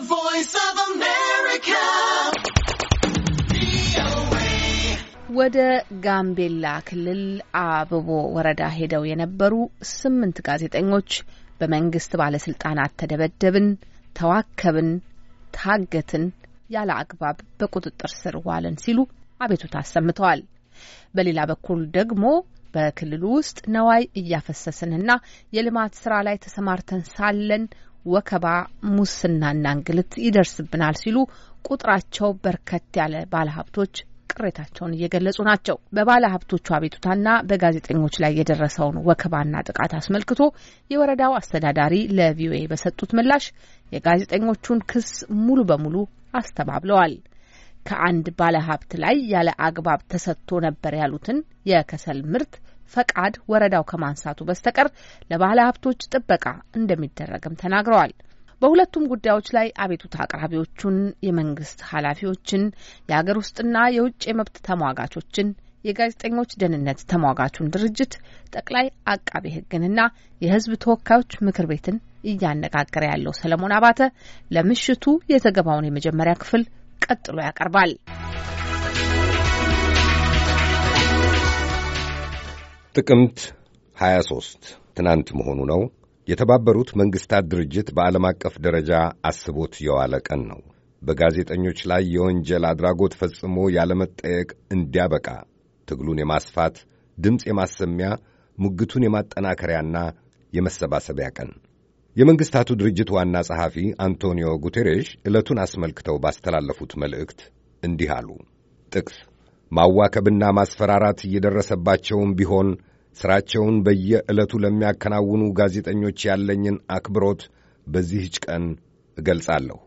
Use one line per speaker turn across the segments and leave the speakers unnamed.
The
ወደ ጋምቤላ ክልል አብቦ ወረዳ ሄደው የነበሩ ስምንት ጋዜጠኞች በመንግስት ባለስልጣናት ተደበደብን፣ ተዋከብን፣ ታገትን፣ ያለ አግባብ በቁጥጥር ስር ዋልን ሲሉ አቤቱታ አሰምተዋል። በሌላ በኩል ደግሞ በክልሉ ውስጥ ነዋይ እያፈሰስንና የልማት ስራ ላይ ተሰማርተን ሳለን ወከባ፣ ሙስናና እንግልት ይደርስብናል ሲሉ ቁጥራቸው በርከት ያለ ባለሀብቶች ቅሬታቸውን እየገለጹ ናቸው። በባለ ሀብቶቹ አቤቱታና በጋዜጠኞች ላይ የደረሰውን ወከባና ጥቃት አስመልክቶ የወረዳው አስተዳዳሪ ለቪኦኤ በሰጡት ምላሽ የጋዜጠኞቹን ክስ ሙሉ በሙሉ አስተባብለዋል። ከአንድ ባለ ሀብት ላይ ያለ አግባብ ተሰጥቶ ነበር ያሉትን የከሰል ምርት ፈቃድ ወረዳው ከማንሳቱ በስተቀር ለባለ ሀብቶች ጥበቃ እንደሚደረግም ተናግረዋል። በሁለቱም ጉዳዮች ላይ አቤቱታ አቅራቢዎቹን፣ የመንግስት ኃላፊዎችን፣ የሀገር ውስጥና የውጭ የመብት ተሟጋቾችን፣ የጋዜጠኞች ደህንነት ተሟጋቹን ድርጅት፣ ጠቅላይ አቃቤ ሕግንና የህዝብ ተወካዮች ምክር ቤትን እያነጋገረ ያለው ሰለሞን አባተ ለምሽቱ የተገባውን የመጀመሪያ ክፍል ቀጥሎ ያቀርባል።
ጥቅምት 23 ትናንት መሆኑ ነው። የተባበሩት መንግሥታት ድርጅት በዓለም አቀፍ ደረጃ አስቦት የዋለ ቀን ነው። በጋዜጠኞች ላይ የወንጀል አድራጎት ፈጽሞ ያለመጠየቅ እንዲያበቃ ትግሉን የማስፋት ድምፅ የማሰሚያ ሙግቱን የማጠናከሪያና የመሰባሰቢያ ቀን የመንግሥታቱ ድርጅት ዋና ጸሐፊ አንቶኒዮ ጉቴሬሽ ዕለቱን አስመልክተው ባስተላለፉት መልእክት እንዲህ አሉ። ጥቅስ ማዋከብና ማስፈራራት እየደረሰባቸውም ቢሆን ሥራቸውን በየዕለቱ ለሚያከናውኑ ጋዜጠኞች ያለኝን አክብሮት በዚህች ቀን እገልጻለሁ።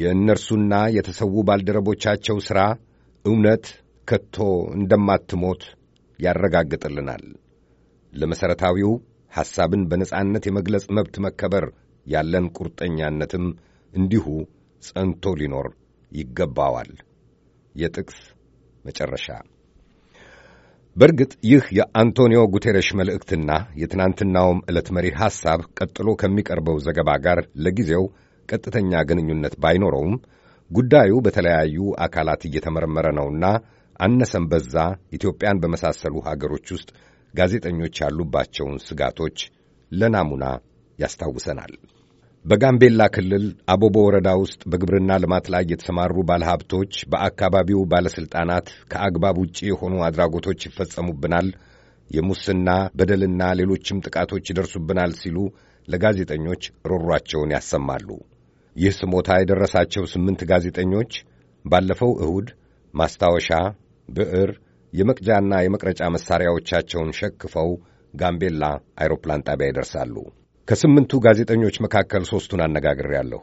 የእነርሱና የተሰዉ ባልደረቦቻቸው ሥራ እውነት ከቶ እንደማትሞት ያረጋግጥልናል። ለመሠረታዊው ሐሳብን በነጻነት የመግለጽ መብት መከበር ያለን ቁርጠኛነትም እንዲሁ ጸንቶ ሊኖር ይገባዋል። የጥቅስ መጨረሻ በእርግጥ ይህ የአንቶኒዮ ጉቴረሽ መልእክትና የትናንትናውም ዕለት መሪ ሐሳብ ቀጥሎ ከሚቀርበው ዘገባ ጋር ለጊዜው ቀጥተኛ ግንኙነት ባይኖረውም ጉዳዩ በተለያዩ አካላት እየተመረመረ ነውና አነሰም በዛ ኢትዮጵያን በመሳሰሉ ሀገሮች ውስጥ ጋዜጠኞች ያሉባቸውን ስጋቶች ለናሙና ያስታውሰናል። በጋምቤላ ክልል አቦቦ ወረዳ ውስጥ በግብርና ልማት ላይ የተሰማሩ ባለሀብቶች በአካባቢው ባለሥልጣናት ከአግባብ ውጪ የሆኑ አድራጎቶች ይፈጸሙብናል፣ የሙስና በደልና ሌሎችም ጥቃቶች ይደርሱብናል ሲሉ ለጋዜጠኞች ሮሯቸውን ያሰማሉ። ይህ ስሞታ የደረሳቸው ስምንት ጋዜጠኞች ባለፈው እሁድ ማስታወሻ፣ ብዕር፣ የመቅጃና የመቅረጫ መሣሪያዎቻቸውን ሸክፈው ጋምቤላ አይሮፕላን ጣቢያ ይደርሳሉ። ከስምንቱ ጋዜጠኞች መካከል ሦስቱን አነጋግሬያለሁ።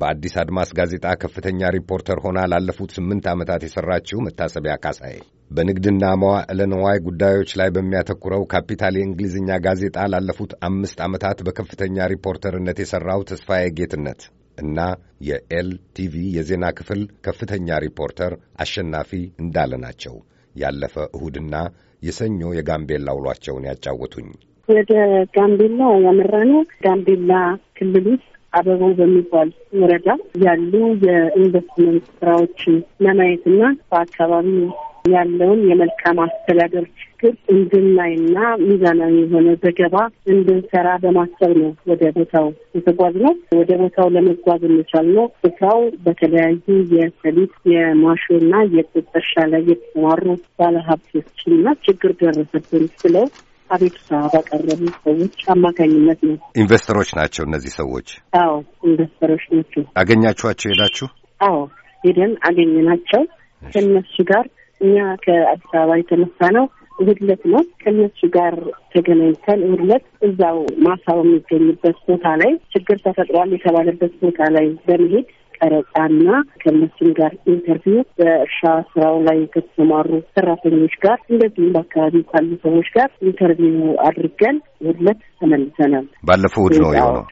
በአዲስ አድማስ ጋዜጣ ከፍተኛ ሪፖርተር ሆና ላለፉት ስምንት ዓመታት የሠራችው መታሰቢያ ካሳዬ፣ በንግድና መዋዕለ ንዋይ ጉዳዮች ላይ በሚያተኩረው ካፒታል የእንግሊዝኛ ጋዜጣ ላለፉት አምስት ዓመታት በከፍተኛ ሪፖርተርነት የሠራው ተስፋዬ ጌትነት እና የኤልቲቪ የዜና ክፍል ከፍተኛ ሪፖርተር አሸናፊ እንዳለ ናቸው። ያለፈ እሁድና የሰኞ የጋምቤላ ውሏቸውን ያጫወቱኝ
ወደ ጋምቤላ ያመራ ነው። ጋምቤላ ክልል ውስጥ አበቦ በሚባል ወረዳ ያሉ የኢንቨስትመንት ስራዎችን ለማየትና በአካባቢው ያለውን የመልካም አስተዳደር ችግር እንድናይና ሚዛናዊ የሆነ ዘገባ እንድንሰራ በማሰብ ነው ወደ ቦታው የተጓዝ ነው። ወደ ቦታው ለመጓዝ እንቻል ነው። ስፍራው በተለያዩ የሰሊጥ የማሾና የጥጥ እርሻ ላይ የተሰማሩ ባለሀብቶችና ችግር ደረሰብን ስለው አቤቱታ ባቀረቡ ሰዎች አማካኝነት ነው።
ኢንቨስተሮች ናቸው እነዚህ ሰዎች?
አዎ ኢንቨስተሮች ናቸው።
አገኛችኋቸው ሄዳችሁ?
አዎ ሄደን አገኘናቸው። ከእነሱ ጋር እኛ ከአዲስ አበባ የተነሳ ነው እሑድ ዕለት ነው። ከእነሱ ጋር ተገናኝተን እሑድ ዕለት እዛው ማሳው የሚገኝበት ቦታ ላይ ችግር ተፈጥሯል የተባለበት ቦታ ላይ በመሄድ ቀረጻና ከእነሱም ጋር ኢንተርቪው በእርሻ ስራው ላይ ከተሰማሩ ሰራተኞች ጋር እንደዚሁም በአካባቢው ካሉ ሰዎች ጋር ኢንተርቪው አድርገን ሁለት
ተመልሰናል።
ባለፈው እሑድ ነው የሆነው።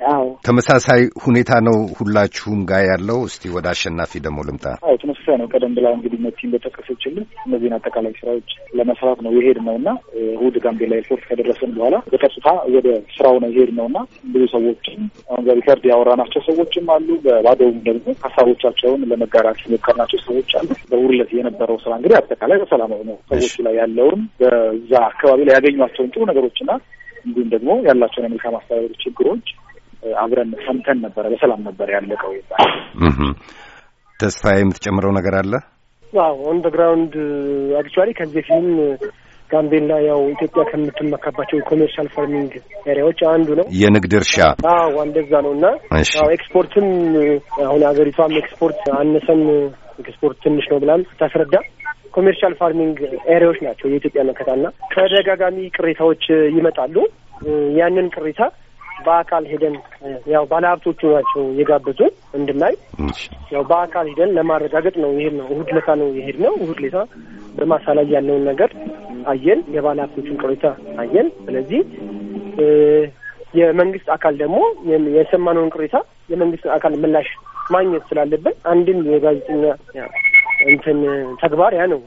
ተመሳሳይ ሁኔታ ነው ሁላችሁም ጋር ያለው። እስቲ ወደ አሸናፊ ደግሞ ልምጣ።
አዎ ተመሳሳይ ነው። ቀደም ብላ እንግዲህ መቲ እንደጠቀሰችልን እነዚህን አጠቃላይ ስራዎች ለመስራት ነው የሄድ ነው እና እሑድ ጋምቤላ ኤርፖርት ከደረሰን በኋላ በቀጥታ ወደ ስራው ነው የሄድ ነው እና ብዙ ሰዎችም አሁን በሪከርድ ያወራናቸው ሰዎችም አሉ። በባዶውም ደግሞ ሀሳቦቻቸውን ለመጋራት የሞከርናቸው ሰዎች አሉ። በሁለት የነበረው ስራ እንግዲህ አጠቃላይ በሰላማዊ ነው ሰዎቹ ላይ ያለውን በዛ አካባቢ ላይ ያገኟቸውን ጥሩ ነገሮችና እንዲሁም ደግሞ ያላቸውን የመልካም አስተዳደር ችግሮች አብረን ሰምተን ነበረ። በሰላም ነበር ያለቀው ይባላል።
ተስፋ የምትጨምረው ነገር አለ?
አዎ ኦንደግራውንድ አክቹዋሊ ከዚህ በፊትም ጋምቤላ ያው ኢትዮጵያ ከምትመካባቸው ኮሜርሻል ፋርሚንግ ኤሪያዎች አንዱ ነው። የንግድ እርሻ አዎ እንደዛ ነው እና ኤክስፖርትም አሁን ሀገሪቷም ኤክስፖርት አነሰም ኤክስፖርት ትንሽ ነው ብላም ስታስረዳ ኮሜርሻል ፋርሚንግ ኤሪያዎች ናቸው የኢትዮጵያ መከታና ተደጋጋሚ ቅሬታዎች ይመጣሉ። ያንን ቅሬታ በአካል ሄደን ያው ባለሀብቶቹ ናቸው የጋበዙ እንድናይ ያው በአካል ሄደን ለማረጋገጥ ነው። ይሄን ነው እሁድ ለታ ነው ይሄድ ነው። እሁድ ለታ በማሳ ላይ ያለውን ነገር አየን፣ የባለሀብቶቹን ቅሬታ አየን። ስለዚህ የመንግስት አካል ደግሞ የሰማነውን ቅሬታ የመንግስት አካል ምላሽ ማግኘት ስላለብን አንድም የጋዜጠኛ እንትን ተግባር ያ ነው።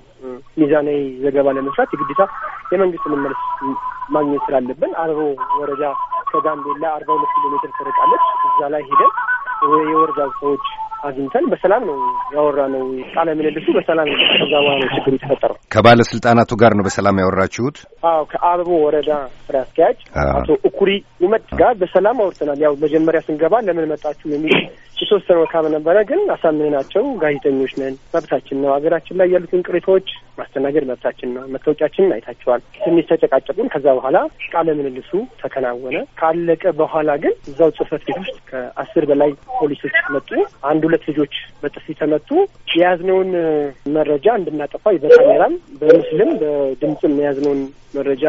ሚዛናዊ ዘገባ ለመስራት የግዴታ የመንግስት መመለስ ማግኘት ስላለብን አርሮ ወረዳ ከጋምቤላ አርባ ሁለት ኪሎ ሜትር ትርቃለች። እዛ ላይ ሄደን የወረዳ ሰዎች አግኝተን በሰላም ነው ያወራ ነው ቃለ ምልልሱ በሰላም ከዛ ነው ችግር የተፈጠረው።
ከባለስልጣናቱ ጋር ነው በሰላም ያወራችሁት?
አዎ ከአበቦ ወረዳ ስራ አስኪያጅ አቶ እኩሪ ውመድ ጋር በሰላም አውርተናል። ያው መጀመሪያ ስንገባ ለምን መጣችሁ የሚል ሶስት ሰው ካም ነበረ ግን ናቸው ጋዜጠኞች ነን፣ መብታችን ነው። ሀገራችን ላይ ያሉትን ቅሬታዎች ማስተናገድ መብታችን ነው። መታወቂያችንን አይታችኋል። ትንሽ ተጨቃጨቁን። ከዛ በኋላ ቃለ ምልልሱ ተከናወነ። ካለቀ በኋላ ግን እዛው ጽህፈት ቤት ውስጥ ከአስር በላይ ፖሊሶች መጡ። አንድ ሁለት ልጆች በጥፊ ተመቱ። የያዝነውን መረጃ እንድናጠፋ በካሜራም በምስልም በድምፅም የያዝነውን መረጃ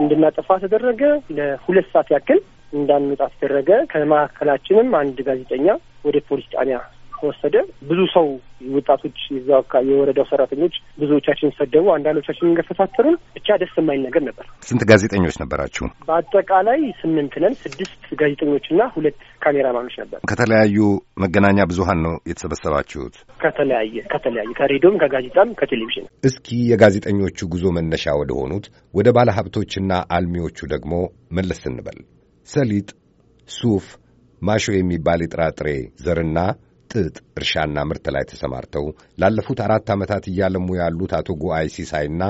እንድናጠፋ ተደረገ። ለሁለት ሰዓት ያክል እንዳንወጣ አስደረገ። ከመካከላችንም አንድ ጋዜጠኛ ወደ ፖሊስ ጣቢያ ወሰደ። ብዙ ሰው ወጣቶች፣ የዛ የወረዳው ሰራተኞች ብዙዎቻችን ሰደቡ፣ አንዳንዶቻችን ገፈታተሩን። ብቻ ደስ የማይል ነገር ነበር።
ስንት ጋዜጠኞች ነበራችሁ?
በአጠቃላይ ስምንት ነን። ስድስት ጋዜጠኞችና ሁለት ካሜራማኖች ነበር።
ከተለያዩ መገናኛ ብዙሀን ነው የተሰበሰባችሁት?
ከተለያየ ከተለያየ ከሬዲዮም፣ ከጋዜጣም፣ ከቴሌቪዥን።
እስኪ የጋዜጠኞቹ ጉዞ መነሻ ወደ ሆኑት ወደ ባለሀብቶችና አልሚዎቹ ደግሞ መለስ እንበል። ሰሊጥ፣ ሱፍ፣ ማሾ የሚባል የጥራጥሬ ዘርና ጥጥ እርሻና ምርት ላይ ተሰማርተው ላለፉት አራት ዓመታት እያለሙ ያሉት አቶ ጉአይ ሲሳይና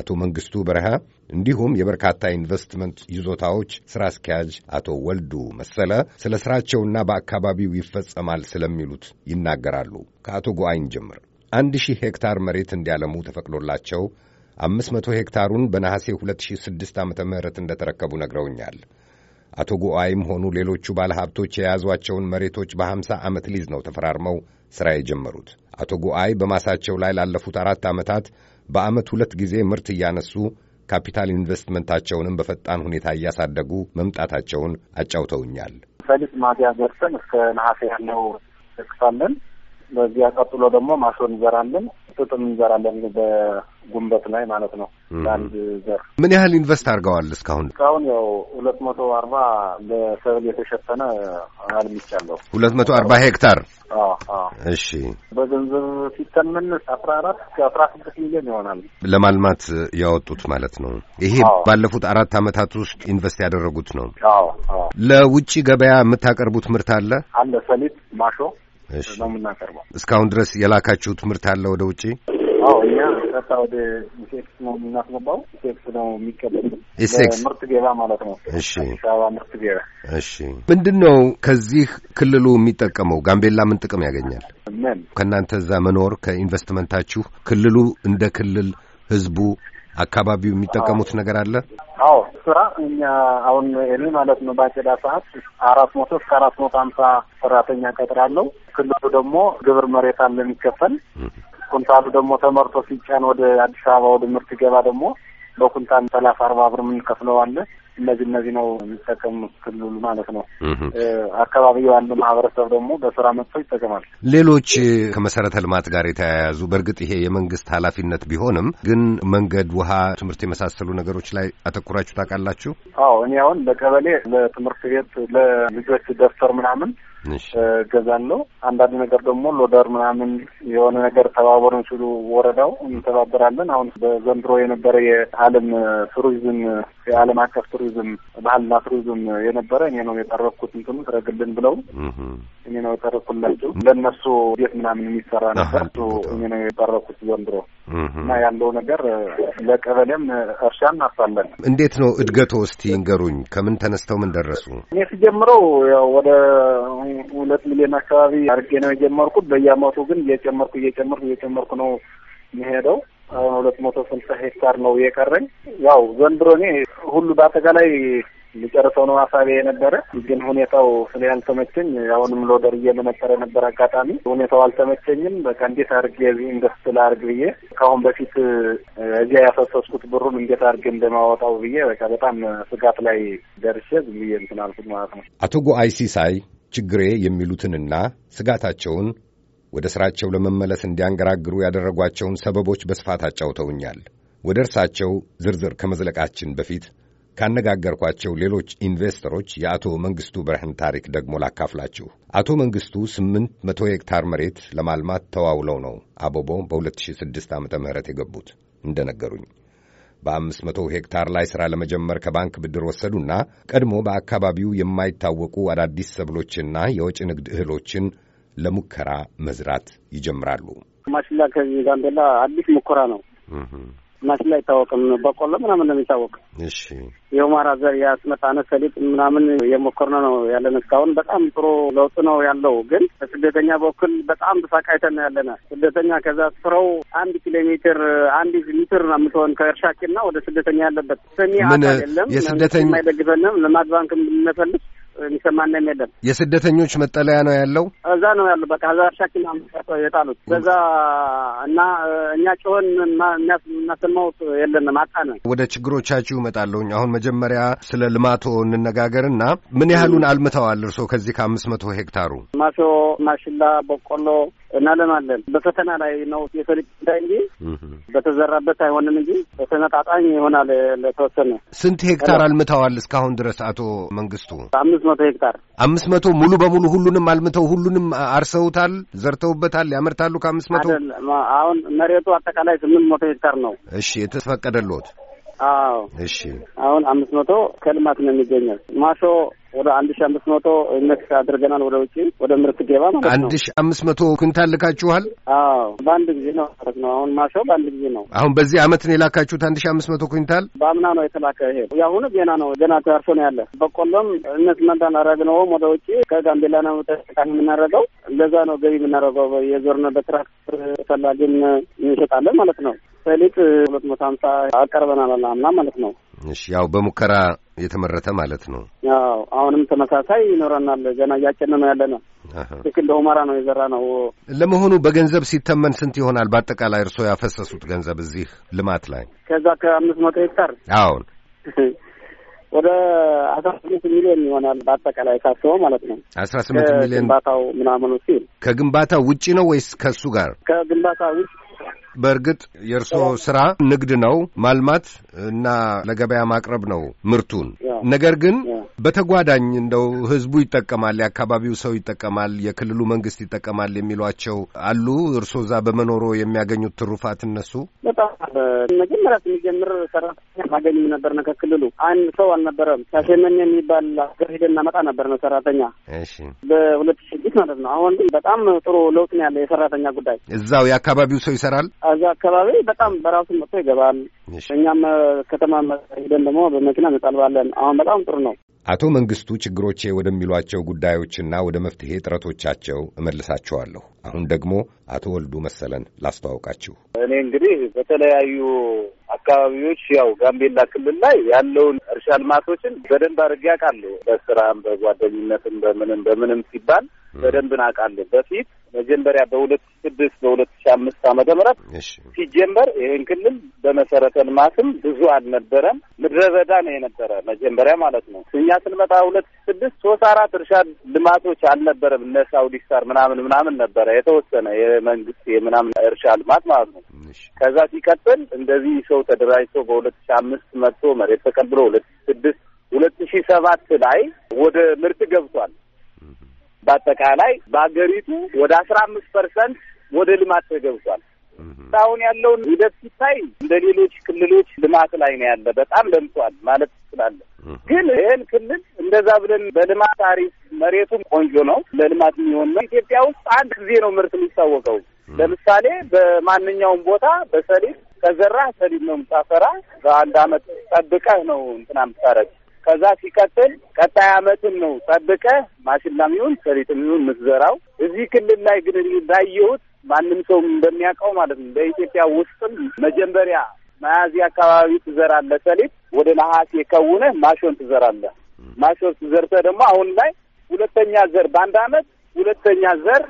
አቶ መንግሥቱ በረሃ እንዲሁም የበርካታ ኢንቨስትመንት ይዞታዎች ሥራ አስኪያጅ አቶ ወልዱ መሰለ ስለ ሥራቸውና በአካባቢው ይፈጸማል ስለሚሉት ይናገራሉ። ከአቶ ጉአይን ጀምር አንድ ሺህ ሄክታር መሬት እንዲያለሙ ተፈቅዶላቸው አምስት መቶ ሄክታሩን በነሐሴ 2006 ዓ ም እንደተረከቡ ነግረውኛል። አቶ ጉአይም ሆኑ ሌሎቹ ባለሀብቶች የያዟቸውን መሬቶች በሀምሳ ዓመት ሊዝ ነው ተፈራርመው ሥራ የጀመሩት። አቶ ጉአይ በማሳቸው ላይ ላለፉት አራት ዓመታት በዓመት ሁለት ጊዜ ምርት እያነሱ ካፒታል ኢንቨስትመንታቸውንም በፈጣን ሁኔታ እያሳደጉ መምጣታቸውን አጫውተውኛል።
ፈሊጥ ማዚያ ገርሰን እስከ ነሐሴ ያለው ደቅሳለን በዚያ ቀጥሎ ደግሞ ማሾ እንዘራለን፣ ጥጥም እንዘራለን በጉንበት ላይ ማለት ነው። ለአንድ ዘር
ምን ያህል ኢንቨስት አድርገዋል? እስካሁን
እስካሁን ያው ሁለት መቶ አርባ ለሰብል የተሸፈነ አልምቻለሁ።
ሁለት መቶ አርባ ሄክታር። እሺ
በገንዘብ ሲተመን አስራ አራት አስራ ስድስት ሚሊዮን ይሆናል
ለማልማት ያወጡት ማለት ነው። ይሄ ባለፉት አራት አመታት ውስጥ ኢንቨስት ያደረጉት ነው። ለውጭ ገበያ የምታቀርቡት ምርት አለ
አለ ሰሊጥ፣ ማሾ ነው
የምናቀርበው።
እስካሁን ድረስ የላካችሁት ምርት አለ ወደ ውጭ?
አዎ እኛ ቀጥታ ወደ ኢሴክስ ነው የምናስገባው። ኢሴክስ ነው የሚቀበል። ኢሴክስ ምርት ገባ ማለት ነው። እሺ አዲስ አበባ ምርት ገባ።
እሺ ምንድን ነው ከዚህ ክልሉ የሚጠቀመው? ጋምቤላ ምን ጥቅም ያገኛል? ምን ከእናንተ እዛ መኖር ከኢንቨስትመንታችሁ ክልሉ እንደ ክልል ህዝቡ አካባቢው የሚጠቀሙት ነገር አለ?
አዎ ስራ እኛ አሁን እኔ ማለት ነው በአጨዳ ሰዓት አራት መቶ እስከ አራት መቶ ሀምሳ ሰራተኛ ቀጥራለሁ። ክልሉ ደግሞ ግብር መሬት አለ የሚከፈል ኩንታሉ ደግሞ ተመርቶ ሲጫን ወደ አዲስ አበባ ወደ ምርት ገባ ደግሞ በኩንታል ሰላሳ አርባ ብር የምንከፍለው አለ። እነዚህ እነዚህ ነው የሚጠቀሙት ክልሉ ማለት ነው። አካባቢው አንድ ማህበረሰብ ደግሞ በስራ መጥቶ ይጠቀማል።
ሌሎች ከመሰረተ ልማት ጋር የተያያዙ በእርግጥ ይሄ የመንግስት ኃላፊነት ቢሆንም ግን መንገድ፣ ውሃ፣ ትምህርት የመሳሰሉ ነገሮች ላይ አተኩራችሁ ታውቃላችሁ?
አዎ እኔ አሁን ለቀበሌ ለትምህርት ቤት ለልጆች ደብተር ምናምን ገዛለው አንዳንድ ነገር ደግሞ ሎደር ምናምን የሆነ ነገር ተባበሩን ሲሉ ወረዳው እንተባበራለን። አሁን በዘንድሮ የነበረ የዓለም ቱሪዝም የዓለም አቀፍ ቱሪዝም ባህልና ቱሪዝም የነበረ እኔ ነው የጠረኩት እንትኑ ትረግልን ብለው እኔ ነው የጠረኩላቸው። ለእነሱ ቤት ምናምን የሚሰራ ነበር እኔ ነው የጠረኩት ዘንድሮ እና ያለው ነገር ለቀበሌም እርሻ እናሳለን።
እንዴት ነው እድገቶ? እስቲ ንገሩኝ፣ ከምን ተነስተው ምን ደረሱ?
እኔ ስጀምረው ያው ወደ ሁለት ሚሊዮን አካባቢ አድርጌ ነው የጀመርኩት። በየአመቱ ግን እየጨመርኩ እየጨመርኩ እየጨመርኩ ነው የሚሄደው። አሁን ሁለት መቶ ስልሳ ሄክታር ነው የቀረኝ። ያው ዘንድሮ እኔ ሁሉ በአጠቃላይ ሊጨርሰው ነው ሀሳቤ የነበረ ግን ሁኔታው ስለ ያልተመቸኝ አሁንም ሎደር እየመነጠረ ነበር። አጋጣሚ ሁኔታው አልተመቸኝም። በቃ እንዴት አድርጌ እዚህ ኢንቨስት ላድርግ ብዬ ከአሁን በፊት እዚያ ያፈሰስኩት ብሩን እንዴት አድርጌ እንደማወጣው ብዬ በቃ በጣም ስጋት ላይ ደርሼ ዝም ብዬ እንትን አልኩት ማለት ነው።
አቶ ጎአይ ሲሳይ ችግሬ የሚሉትንና ስጋታቸውን ወደ ሥራቸው ለመመለስ እንዲያንገራግሩ ያደረጓቸውን ሰበቦች በስፋት አጫውተውኛል። ወደ እርሳቸው ዝርዝር ከመዝለቃችን በፊት ካነጋገርኳቸው ሌሎች ኢንቨስተሮች የአቶ መንግሥቱ ብርሃን ታሪክ ደግሞ ላካፍላችሁ። አቶ መንግሥቱ ስምንት መቶ ሄክታር መሬት ለማልማት ተዋውለው ነው አቦቦ በ2006 ዓ ም የገቡት እንደነገሩኝ በአምስት መቶ ሄክታር ላይ ሥራ ለመጀመር ከባንክ ብድር ወሰዱና ቀድሞ በአካባቢው የማይታወቁ አዳዲስ ሰብሎችና የወጪ ንግድ እህሎችን ለሙከራ መዝራት ይጀምራሉ።
ማሽላ ከዚህ ጋምቤላ አዲስ ሙከራ ነው። ማሽላ አይታወቅም። በቆሎ ምናምን ነው የሚታወቅ። እሺ የሁማራ ዘር ያስመጣነ ሰሊጥ ምናምን የሞከርነ ነው ያለን። እስካሁን በጣም ጥሩ ለውጥ ነው ያለው። ግን በስደተኛ በኩል በጣም ተሳቃይተን ነው ያለነ። ስደተኛ ከዛ ስፍራው አንድ ኪሎ ሜትር አንድ ሜትር ነው የምትሆን ከእርሻኪና ወደ ስደተኛ ያለበት ሰሚ አካል የለም። የስደተኛ አይደግፈንም። ልማት ባንክም ብንፈልግ የሚሰማንም የለም።
የስደተኞች መጠለያ ነው ያለው።
እዛ ነው ያለው። በቃ እዛ ሻኪ የጣሉት በዛ እና እኛ ጮሆን እናሰማው የለንም አጣን።
ወደ ችግሮቻችሁ እመጣለሁኝ። አሁን መጀመሪያ ስለ ልማቶ እንነጋገርና ምን ያህሉን አልምተዋል እርስዎ ከዚህ ከአምስት መቶ ሄክታሩ
ማሾ፣ ማሽላ፣ በቆሎ እናለማለን። በፈተና ላይ ነው የሰሊጥ እንጂ በተዘራበት አይሆንም እንጂ በተመጣጣኝ ይሆናል። ለተወሰነ
ስንት ሄክታር አልምተዋል እስካሁን ድረስ አቶ መንግስቱ?
አምስት መቶ ሄክታር
አምስት መቶ ሙሉ በሙሉ ሁሉንም አልምተው ሁሉንም አርሰውታል፣ ዘርተውበታል፣ ያመርታሉ። ከአምስት መቶ
አሁን መሬቱ አጠቃላይ ስምንት መቶ ሄክታር ነው።
እሺ የተፈቀደልዎት አዎ እሺ።
አሁን አምስት መቶ ከልማት ነው የሚገኘው ማሾ ወደ አንድ ሺ አምስት መቶ ምርት አድርገናል። ወደ ውጭ ወደ ምርት ገባ ማለት
ነው። አንድ ሺ አምስት መቶ ኩንታል ልካችኋል?
አዎ በአንድ ጊዜ ነው ማለት ነው። አሁን ማሾ በአንድ ጊዜ ነው።
አሁን በዚህ አመት ነው የላካችሁት አንድ ሺ አምስት መቶ ኩንታል?
በአምና ነው የተላከ። ይሄ የአሁኑ ገና ነው፣ ገና ተርሶ ነው ያለ። በቆሎም እነት መንታ አረግነውም ወደ ውጭ ከጋምቤላ ነው ተጠቃሚ የምናደርገው። እንደዛ ነው ገቢ የምናደርገው። የዞርነ በትራክተር ፈላጊም እንሸጣለን ማለት ነው። ሰሊጥ ሁለት መቶ ሀምሳ አቀርበናል አምና ማለት ነው።
እሺ ያው በሙከራ የተመረተ ማለት ነው።
ያው አሁንም ተመሳሳይ ይኖረናል። ገና እያጨነ ነው ያለ ነው። ልክ እንደ ሁመራ ነው የዘራ ነው።
ለመሆኑ በገንዘብ ሲተመን ስንት ይሆናል? በአጠቃላይ እርስዎ ያፈሰሱት ገንዘብ እዚህ ልማት ላይ
ከዛ ከአምስት መቶ ሄክታር አሁን ወደ አስራ ስምንት ሚሊዮን ይሆናል በአጠቃላይ ሳስበው ማለት ነው።
አስራ ስምንት ሚሊዮን
ግንባታው ምናምኑ ሲል
ከግንባታ ውጪ ነው ወይስ ከእሱ ጋር
ከግንባታ ውጭ
በእርግጥ የእርስዎ ስራ ንግድ ነው፣ ማልማት እና ለገበያ ማቅረብ ነው ምርቱን። ነገር ግን በተጓዳኝ እንደው ህዝቡ ይጠቀማል፣ የአካባቢው ሰው ይጠቀማል፣ የክልሉ መንግስት ይጠቀማል የሚሏቸው አሉ። እርስዎ እዛ በመኖሮ የሚያገኙት ትሩፋት እነሱ
በጣም መጀመሪያ ስንጀምር ሰራተኛ ማገኝም ነበር ነው ከክልሉ አንድ ሰው አልነበረም። ሻሸመኔ የሚባል ሀገር ሄደን እናመጣ ነበር ነው ሰራተኛ በሁለት ሺህ ማለት ነው። አሁን ግን በጣም ጥሩ ለውጥ ነው ያለ የሰራተኛ ጉዳይ።
እዛው የአካባቢው ሰው ይሰራል።
እዛ አካባቢ በጣም በራሱ መጥቶ ይገባል። እኛም ከተማ ሄደን ደግሞ በመኪና እንጠልባለን። አሁን በጣም ጥሩ ነው።
አቶ መንግስቱ ችግሮቼ ወደሚሏቸው ጉዳዮችና ወደ መፍትሄ ጥረቶቻቸው እመልሳቸዋለሁ። አሁን ደግሞ አቶ ወልዱ መሰለን ላስተዋውቃችሁ።
እኔ እንግዲህ በተለያዩ አካባቢዎች ያው ጋምቤላ ክልል ላይ ያለውን እርሻ ልማቶችን በደንብ አድርጌ አውቃለሁ። በስራም በጓደኝነትም በምንም በምንም ሲባል በደንብ አውቃለሁ። በፊት መጀመሪያ በሁለት ስድስት በሁለት ሺ አምስት አመተ ምህረት ሲጀመር ይህን ክልል በመሰረተ ልማትም ብዙ አልነበረም። ምድረ በዳ ነው የነበረ መጀመሪያ ማለት ነው። እኛ ስንመጣ ሁለት ስድስት ሶስት አራት እርሻ ልማቶች አልነበረም። እነ ሳውዲ ስታር ምናምን ምናምን ነበረ የተወሰነ የመንግስት የምናምን እርሻ ልማት ማለት ነው። ከዛ ሲቀጥል እንደዚህ ተደራጅተው ተደራጅተው በሁለት ሺ አምስት መጥቶ መሬት ተቀብሎ ሁለት ሺ ስድስት ሁለት ሺ ሰባት ላይ ወደ ምርት ገብቷል። በአጠቃላይ በሀገሪቱ ወደ አስራ አምስት ፐርሰንት ወደ ልማት ተገብቷል። አሁን ያለውን ሂደት ሲታይ እንደ ሌሎች ክልሎች ልማት ላይ ነው ያለ፣ በጣም ለምቷል ማለት ትችላለን። ግን ይህን ክልል እንደዛ ብለን በልማት አሪፍ መሬቱም ቆንጆ ነው ለልማት የሚሆን ነው። ኢትዮጵያ ውስጥ አንድ ጊዜ ነው ምርት የሚታወቀው። ለምሳሌ በማንኛውም ቦታ በሰሊጥ ከዘራህ ሰሊጥ ነው የምታፈራ። በአንድ አመት ጠብቀህ ነው እንትና የምታረግ። ከዛ ሲቀጥል ቀጣይ አመትን ነው ጠብቀህ ማሽላም ይሁን ሰሊጥም ይሁን የምትዘራው። እዚህ ክልል ላይ ግን እንዳየሁት ማንም ሰው እንደሚያውቀው ማለት ነው በኢትዮጵያ ውስጥም መጀመሪያ መያዝያ አካባቢ ትዘራለህ ሰሊጥ፣ ወደ ነሐሴ ከውነህ ማሾን ትዘራለህ። ማሾን ትዘርተህ ደግሞ አሁን ላይ ሁለተኛ ዘር በአንድ አመት ሁለተኛ ዘር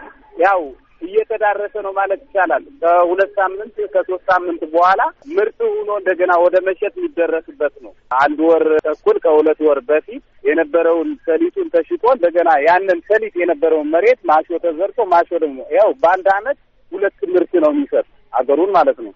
ያው እየተዳረሰ ነው ማለት ይቻላል። ከሁለት ሳምንት ከሶስት ሳምንት በኋላ ምርት ሆኖ እንደገና ወደ መሸጥ የሚደረስበት ነው። አንድ ወር ተኩል ከሁለት ወር በፊት የነበረውን ሰሊጡን ተሽጦ እንደገና ያንን ሰሊጥ የነበረውን መሬት ማሾ ተዘርቶ ማሾ ደግሞ ያው በአንድ አመት ሁለት ምርት ነው የሚሰጥ አገሩን ማለት ነው።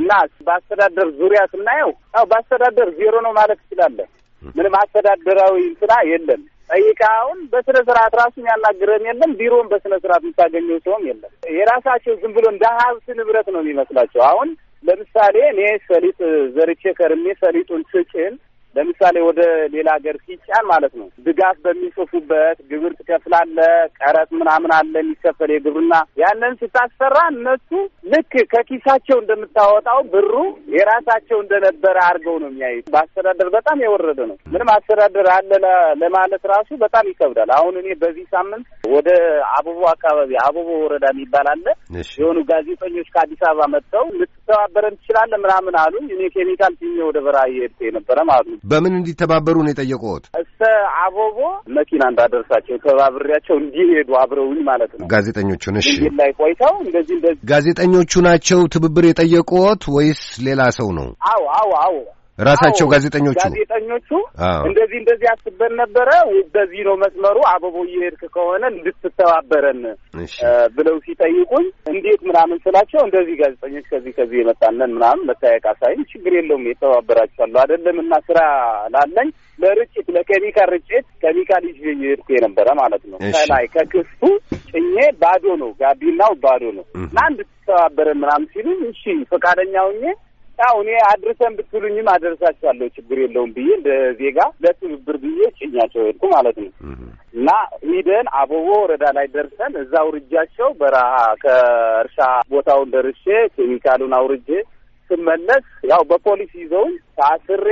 እና በአስተዳደር ዙሪያ ስናየው ያው በአስተዳደር ዜሮ ነው ማለት ይችላለን። ምንም አስተዳደራዊ ስራ የለም። ጠይቃ አሁን በስነ ስርዓት ራሱን ያናገረን የለም። ቢሮን በስነ ስርዓት የምታገኘው ሰውም የለም። የራሳቸው ዝም ብሎ እንደ ሀብት ንብረት ነው የሚመስላቸው። አሁን ለምሳሌ እኔ ሰሊጥ ዘርቼ ከርሜ ሰሊጡን ስጭን ለምሳሌ ወደ ሌላ ሀገር ሲጫን ማለት ነው ድጋፍ በሚጽፉበት ግብር ትከፍላለ፣ ቀረጥ ምናምን አለ የሚከፈል የግብርና ያንን ስታሰራ እነሱ ልክ ከኪሳቸው እንደምታወጣው ብሩ የራሳቸው እንደነበረ አድርገው ነው የሚያዩት። በአስተዳደር በጣም የወረደ ነው። ምንም አስተዳደር አለ ለማለት ራሱ በጣም ይከብዳል። አሁን እኔ በዚህ ሳምንት ወደ አበቦ አካባቢ አበቦ ወረዳ የሚባል አለ የሆኑ ጋዜጠኞች ከአዲስ አበባ መጥተው ልትተባበረን ትችላለ ምናምን አሉ። እኔ ኬሚካል ትኜ ወደ በረሃ እየሄድኩ የነበረ ማለት ነው
በምን እንዲተባበሩ ነው የጠየቁት?
እስከ አቦቦ መኪና እንዳደርሳቸው ተባብሬያቸው እንዲሄዱ አብረውኝ ማለት ነው።
ጋዜጠኞቹን እሺ፣
ላይ ቆይተው እንደዚህ እንደዚህ
ጋዜጠኞቹ ናቸው ትብብር የጠየቁት ወይስ ሌላ ሰው ነው?
አዎ አዎ አዎ
ራሳቸው ጋዜጠኞቹ
ጋዜጠኞቹ እንደዚህ እንደዚህ አስበን ነበረ፣ በዚህ ነው መስመሩ፣ አበቦ እየሄድክ ከሆነ እንድትተባበረን ብለው ሲጠይቁኝ እንዴት ምናምን ስላቸው እንደዚህ ጋዜጠኞች ከዚህ ከዚህ የመጣነን ምናምን መታየቅ አሳይም ችግር የለውም የተባበራችኋለሁ አይደለም እና ስራ ላለኝ ለርጭት ለኬሚካል ርጭት ኬሚካል ይዤ እየሄድኩ የነበረ ማለት ነው። ከላይ ከክፍቱ ጭኜ ባዶ ነው ጋቢናው ባዶ ነው እና እንድትተባበረን ምናምን ሲሉ እሺ ፈቃደኛ ሁኜ ያው እኔ አድርሰን ብትሉኝም አደርሳቸዋለሁ ችግር የለውም ብዬ እንደ ዜጋ ለትብብር ብዬ ጭኛቸው ሄድኩ ማለት ነው። እና ሂደን አበቦ ወረዳ ላይ ደርሰን እዛ አውርጃቸው በረሃ ከእርሻ ቦታውን ደርሼ ኬሚካሉን አውርጄ ስመለስ ያው በፖሊስ ይዘውኝ ታስሬ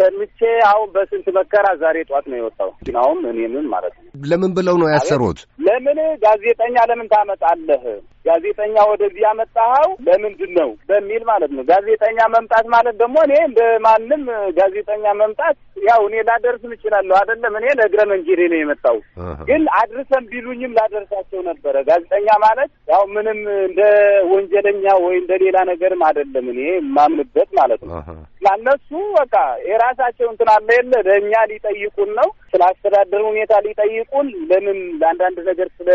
ሰምቼ አሁን በስንት መከራ ዛሬ ጧት ነው የወጣው። አሁን እኔምን ማለት
ነው? ለምን ብለው ነው ያሰሩት?
ለምን ጋዜጠኛ ለምን ታመጣለህ? ጋዜጠኛ ወደዚህ ያመጣኸው ለምንድን ነው በሚል ማለት ነው። ጋዜጠኛ መምጣት ማለት ደግሞ እኔ እንደ ማንም ጋዜጠኛ መምጣት ያው እኔ ላደርስ እችላለሁ አይደለም። እኔ ለእግረ መንገዴ ነው የመጣው፣ ግን አድርሰን ቢሉኝም ላደርሳቸው ነበረ። ጋዜጠኛ ማለት ያው ምንም እንደ ወንጀለኛ ወይ እንደ ሌላ ነገርም አይደለም። እኔ የማምንበት ማለት ነው። ለእነሱ በቃ የራሳቸው እንትን አለ የለ ለእኛ ሊጠይቁን ነው ስለ አስተዳደር ሁኔታ ሊጠይቁን ለምን ለአንዳንድ ነገር ስለ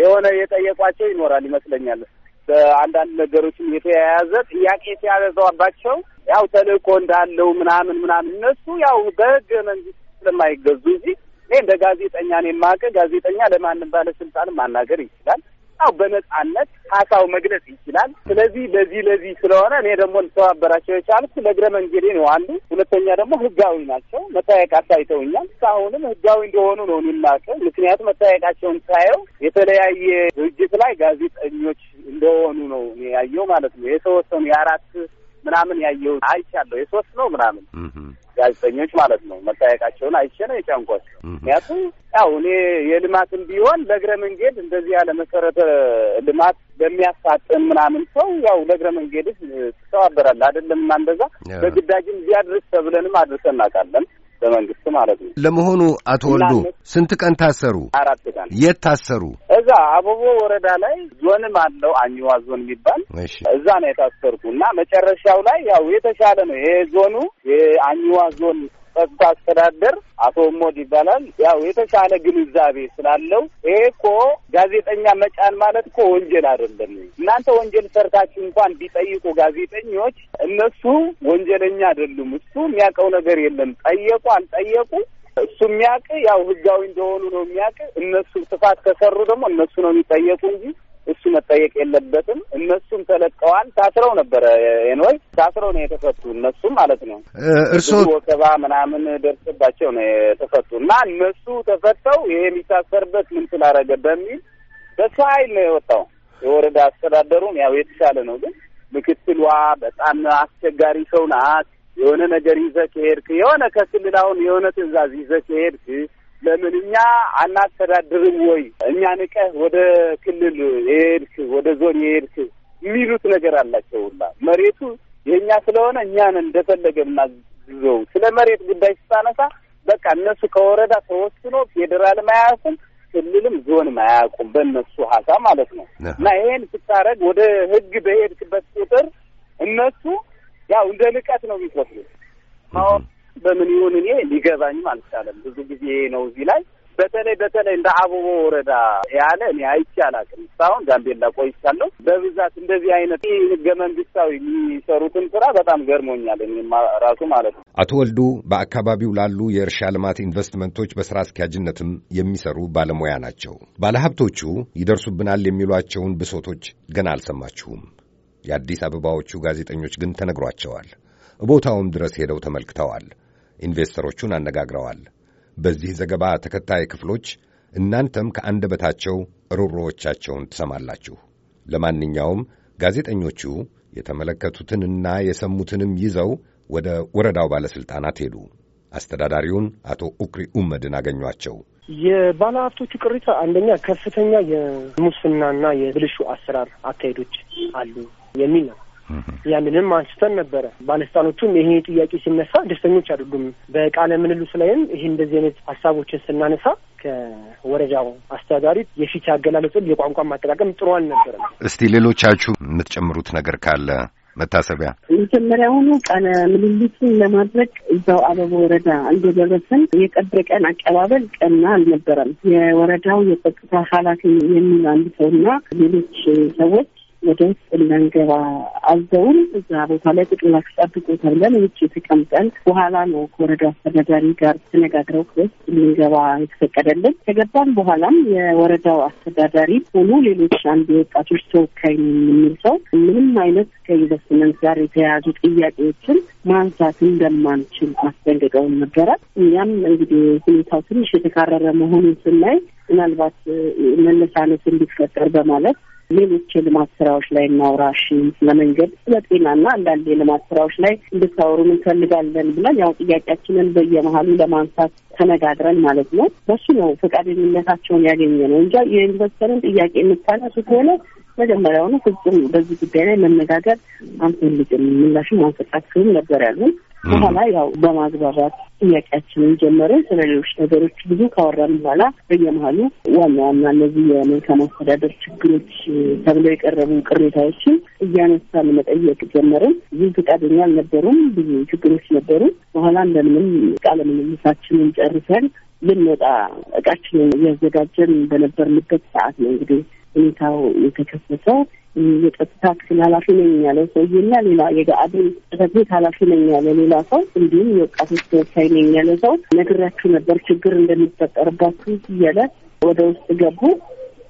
የሆነ የጠየቋቸው ይኖራል ይመስለኛል። በአንዳንድ ነገሮችም የተያያዘ ጥያቄ ሲያበዛባቸው ያው ተልእኮ እንዳለው ምናምን ምናምን እነሱ ያው በህገ መንግስት ስለማይገዙ እዚህ እኔ እንደ ጋዜጠኛ እኔ የማውቅ ጋዜጠኛ ለማንም ባለስልጣን ማናገር ይችላል። ያው በነጻነት ሀሳው መግለጽ ይችላል። ስለዚህ ለዚህ ለዚህ ስለሆነ እኔ ደግሞ ልተባበራቸው የቻልኩት ለእግረ መንገዴ ነው አንዱ። ሁለተኛ ደግሞ ህጋዊ ናቸው። መታየቅ አሳይተውኛል። እስካሁንም ህጋዊ እንደሆኑ ነው የሚላቀው። ምክንያቱም መታየቃቸውን ሳየው የተለያየ ድርጅት ላይ ጋዜጠኞች እንደሆኑ ነው ያየው ማለት ነው የተወሰኑ የአራት ምናምን ያየው አይቻለሁ። የሶስት ነው ምናምን ጋዜጠኞች ማለት ነው መጠየቃቸውን አይቼ ነው የጫንኳቸው። ምክንያቱም ያው እኔ የልማትም ቢሆን ለእግረ መንገድ እንደዚህ ያለ መሰረተ ልማት በሚያሳጥን ምናምን ሰው ያው ለእግረ መንገድ ትተባበራለህ አይደለም እና እንደዛ በግዳጅም እዚህ ተብለንም አድርሰን እናውቃለን። በመንግስት ማለት ነው።
ለመሆኑ አቶ ወልዱ ስንት ቀን ታሰሩ? አራት ቀን። የት ታሰሩ?
እዛ አበቦ ወረዳ ላይ ዞንም አለው አኝዋ ዞን የሚባል እዛ ነው የታሰርኩ እና መጨረሻው ላይ ያው የተሻለ ነው ይሄ ዞኑ የአኝዋ ዞን ጸጥታ አስተዳደር አቶ ሞድ ይባላል። ያው የተሻለ ግንዛቤ ስላለው ይሄ እኮ ጋዜጠኛ መጫን ማለት እኮ ወንጀል አይደለም። እናንተ ወንጀል ሰርታችሁ እንኳን ቢጠይቁ ጋዜጠኞች እነሱ ወንጀለኛ አይደሉም። እሱ የሚያውቀው ነገር የለም። ጠየቁ አልጠየቁ እሱ የሚያውቅ ያው ህጋዊ እንደሆኑ ነው የሚያውቅ። እነሱ ጥፋት ከሰሩ ደግሞ እነሱ ነው የሚጠየቁ እንጂ እሱ መጠየቅ የለበትም። እነሱም ተለቀዋል። ታስረው ነበረ ኤንወይ ታስረው ነው የተፈቱ እነሱ ማለት ነው። እርሶ ወከባ ምናምን ደርሰባቸው ነው የተፈቱ እና እነሱ ተፈተው ይሄ የሚታሰርበት ምን ስላረገ በሚል በሱ ኃይል ነው የወጣው። የወረዳ አስተዳደሩም ያው የተሻለ ነው፣ ግን ምክትሏ በጣም አስቸጋሪ ሰው ናት። የሆነ ነገር ይዘህ ከሄድክ የሆነ ከክልል አሁን የሆነ ትዕዛዝ ይዘህ ከሄድክ ለምን እኛ አናስተዳድርም ወይ እኛ ንቀህ ወደ ክልል የሄድክ ወደ ዞን የሄድክ የሚሉት ነገር አላቸው። ሁላ መሬቱ የእኛ ስለሆነ እኛን እንደፈለገ ምናዘው። ስለ መሬት ጉዳይ ስታነሳ በቃ እነሱ ከወረዳ ተወስኖ ፌዴራልም አያውቁም ክልልም ዞንም አያውቁም በእነሱ ሀሳብ ማለት ነው። እና ይሄን ስታረግ ወደ ህግ በሄድክበት ቁጥር እነሱ ያው እንደ ንቀት ነው የሚቆጥሩት። በምን ይሁን እኔ ሊገባኝም አልቻለም። ብዙ ጊዜ ነው እዚህ ላይ በተለይ በተለይ እንደ አበቦ ወረዳ ያለ እኔ አይቼ አላውቅም። እስካሁን ጋምቤላ ቆይቻለሁ። በብዛት እንደዚህ አይነት ህገ መንግስታዊ የሚሰሩትን ስራ በጣም ገርሞኛል። ራሱ ማለት ነው።
አቶ ወልዱ በአካባቢው ላሉ የእርሻ ልማት ኢንቨስትመንቶች በስራ አስኪያጅነትም የሚሰሩ ባለሙያ ናቸው። ባለሀብቶቹ ይደርሱብናል የሚሏቸውን ብሶቶች ገና አልሰማችሁም። የአዲስ አበባዎቹ ጋዜጠኞች ግን ተነግሯቸዋል። ቦታውም ድረስ ሄደው ተመልክተዋል። ኢንቨስተሮቹን አነጋግረዋል። በዚህ ዘገባ ተከታይ ክፍሎች እናንተም ከአንደበታቸው ሩሮዎቻቸውን ትሰማላችሁ። ለማንኛውም ጋዜጠኞቹ የተመለከቱትንና የሰሙትንም ይዘው ወደ ወረዳው ባለሥልጣናት ሄዱ። አስተዳዳሪውን አቶ ኡክሪ ኡመድን አገኟቸው።
የባለሀብቶቹ ቅሬታ አንደኛ ከፍተኛ የሙስናና የብልሹ አሰራር አካሄዶች አሉ የሚል ነው። ያንንም አንስተን ነበረ። ባለስልጣኖቹም ይሄ ጥያቄ ሲነሳ ደስተኞች አይደሉም። በቃለ ምልልሱ ላይም ይሄ እንደዚህ አይነት ሀሳቦችን ስናነሳ ከወረዳው አስተዳዳሪ የፊት አገላለጽን የቋንቋ ማጠቃቀም ጥሩ አልነበረም።
እስቲ ሌሎቻችሁ የምትጨምሩት ነገር ካለ መታሰቢያ
መጀመሪያውኑ ቃለ
ምልልሱን ለማድረግ እዛው አበበ ወረዳ እንደደረስን የቀብር ቀን አቀባበል ቀና አልነበረም። የወረዳው የጸጥታ ኃላፊ የሚል አንድ ሰውና ሌሎች ሰዎች ወደ ውስጥ እንዳንገባ አዘውን እዛ ቦታ ላይ ጥቅላችሁ ጠብቁ ተብለን ውጭ የተቀምጠን በኋላ ነው ከወረዳ አስተዳዳሪ ጋር ተነጋግረው ውስጥ ልንገባ የተፈቀደልን። ከገባን በኋላም የወረዳው አስተዳዳሪ ሆኑ ሌሎች አንድ የወጣቶች ተወካይ የሚል ሰው ምንም አይነት ከኢንቨስትመንት ጋር የተያያዙ ጥያቄዎችን ማንሳት እንደማንችል አስጠንቅቀውን ነበረ። እኛም እንግዲህ ሁኔታው ትንሽ የተካረረ መሆኑን ስናይ ምናልባት መነሳነት እንዲፈጠር በማለት ሌሎች የልማት ስራዎች ላይ እናውራሽ፣ ስለመንገድ፣ ስለ ጤናና አንዳንድ የልማት ስራዎች ላይ እንድታወሩን እንፈልጋለን ብለን ያው ጥያቄያችንን በየመሀሉ ለማንሳት ተነጋግረን ማለት ነው። በሱ ነው ፈቃደኝነታቸውን ያገኘ ነው እንጂ የኢንቨስተርን ጥያቄ የምታነሱ ከሆነ መጀመሪያውኑ ፍጹም በዚህ ጉዳይ ላይ መነጋገር አንፈልግም፣ ምላሽም አንሰጣችሁም ነበር ያሉን። በኋላ ያው በማግባባት ጥያቄያችንን ጀመርን። ስለሌሎች ነገሮች ብዙ ካወራን በኋላ በየመሀሉ ዋና ዋና እነዚህ የመልካም አስተዳደር ችግሮች ተብለው የቀረቡ ቅሬታዎችን እያነሳን መጠየቅ ጀመርን። ብዙ ፈቃደኛ አልነበሩም። ብዙ ችግሮች ነበሩ። በኋላ እንደምንም ቃለ ምልልሳችንን ጨርሰን ልንወጣ እቃችንን እያዘጋጀን በነበርንበት ሰዓት ነው እንግዲህ ሁኔታው የተከሰተው የጸጥታ ክፍል ኃላፊ ነኝ ያለው ሰውዬና ሌላ የጋአዴን ጽሕፈት ቤት ኃላፊ ነኝ ያለ ሌላ ሰው እንዲሁም የወጣቶች ተወካይ ነኝ ያለ ሰው ነግሬያችሁ ነበር ችግር እንደሚፈጠርባችሁ እያለ ወደ ውስጥ ገቡ።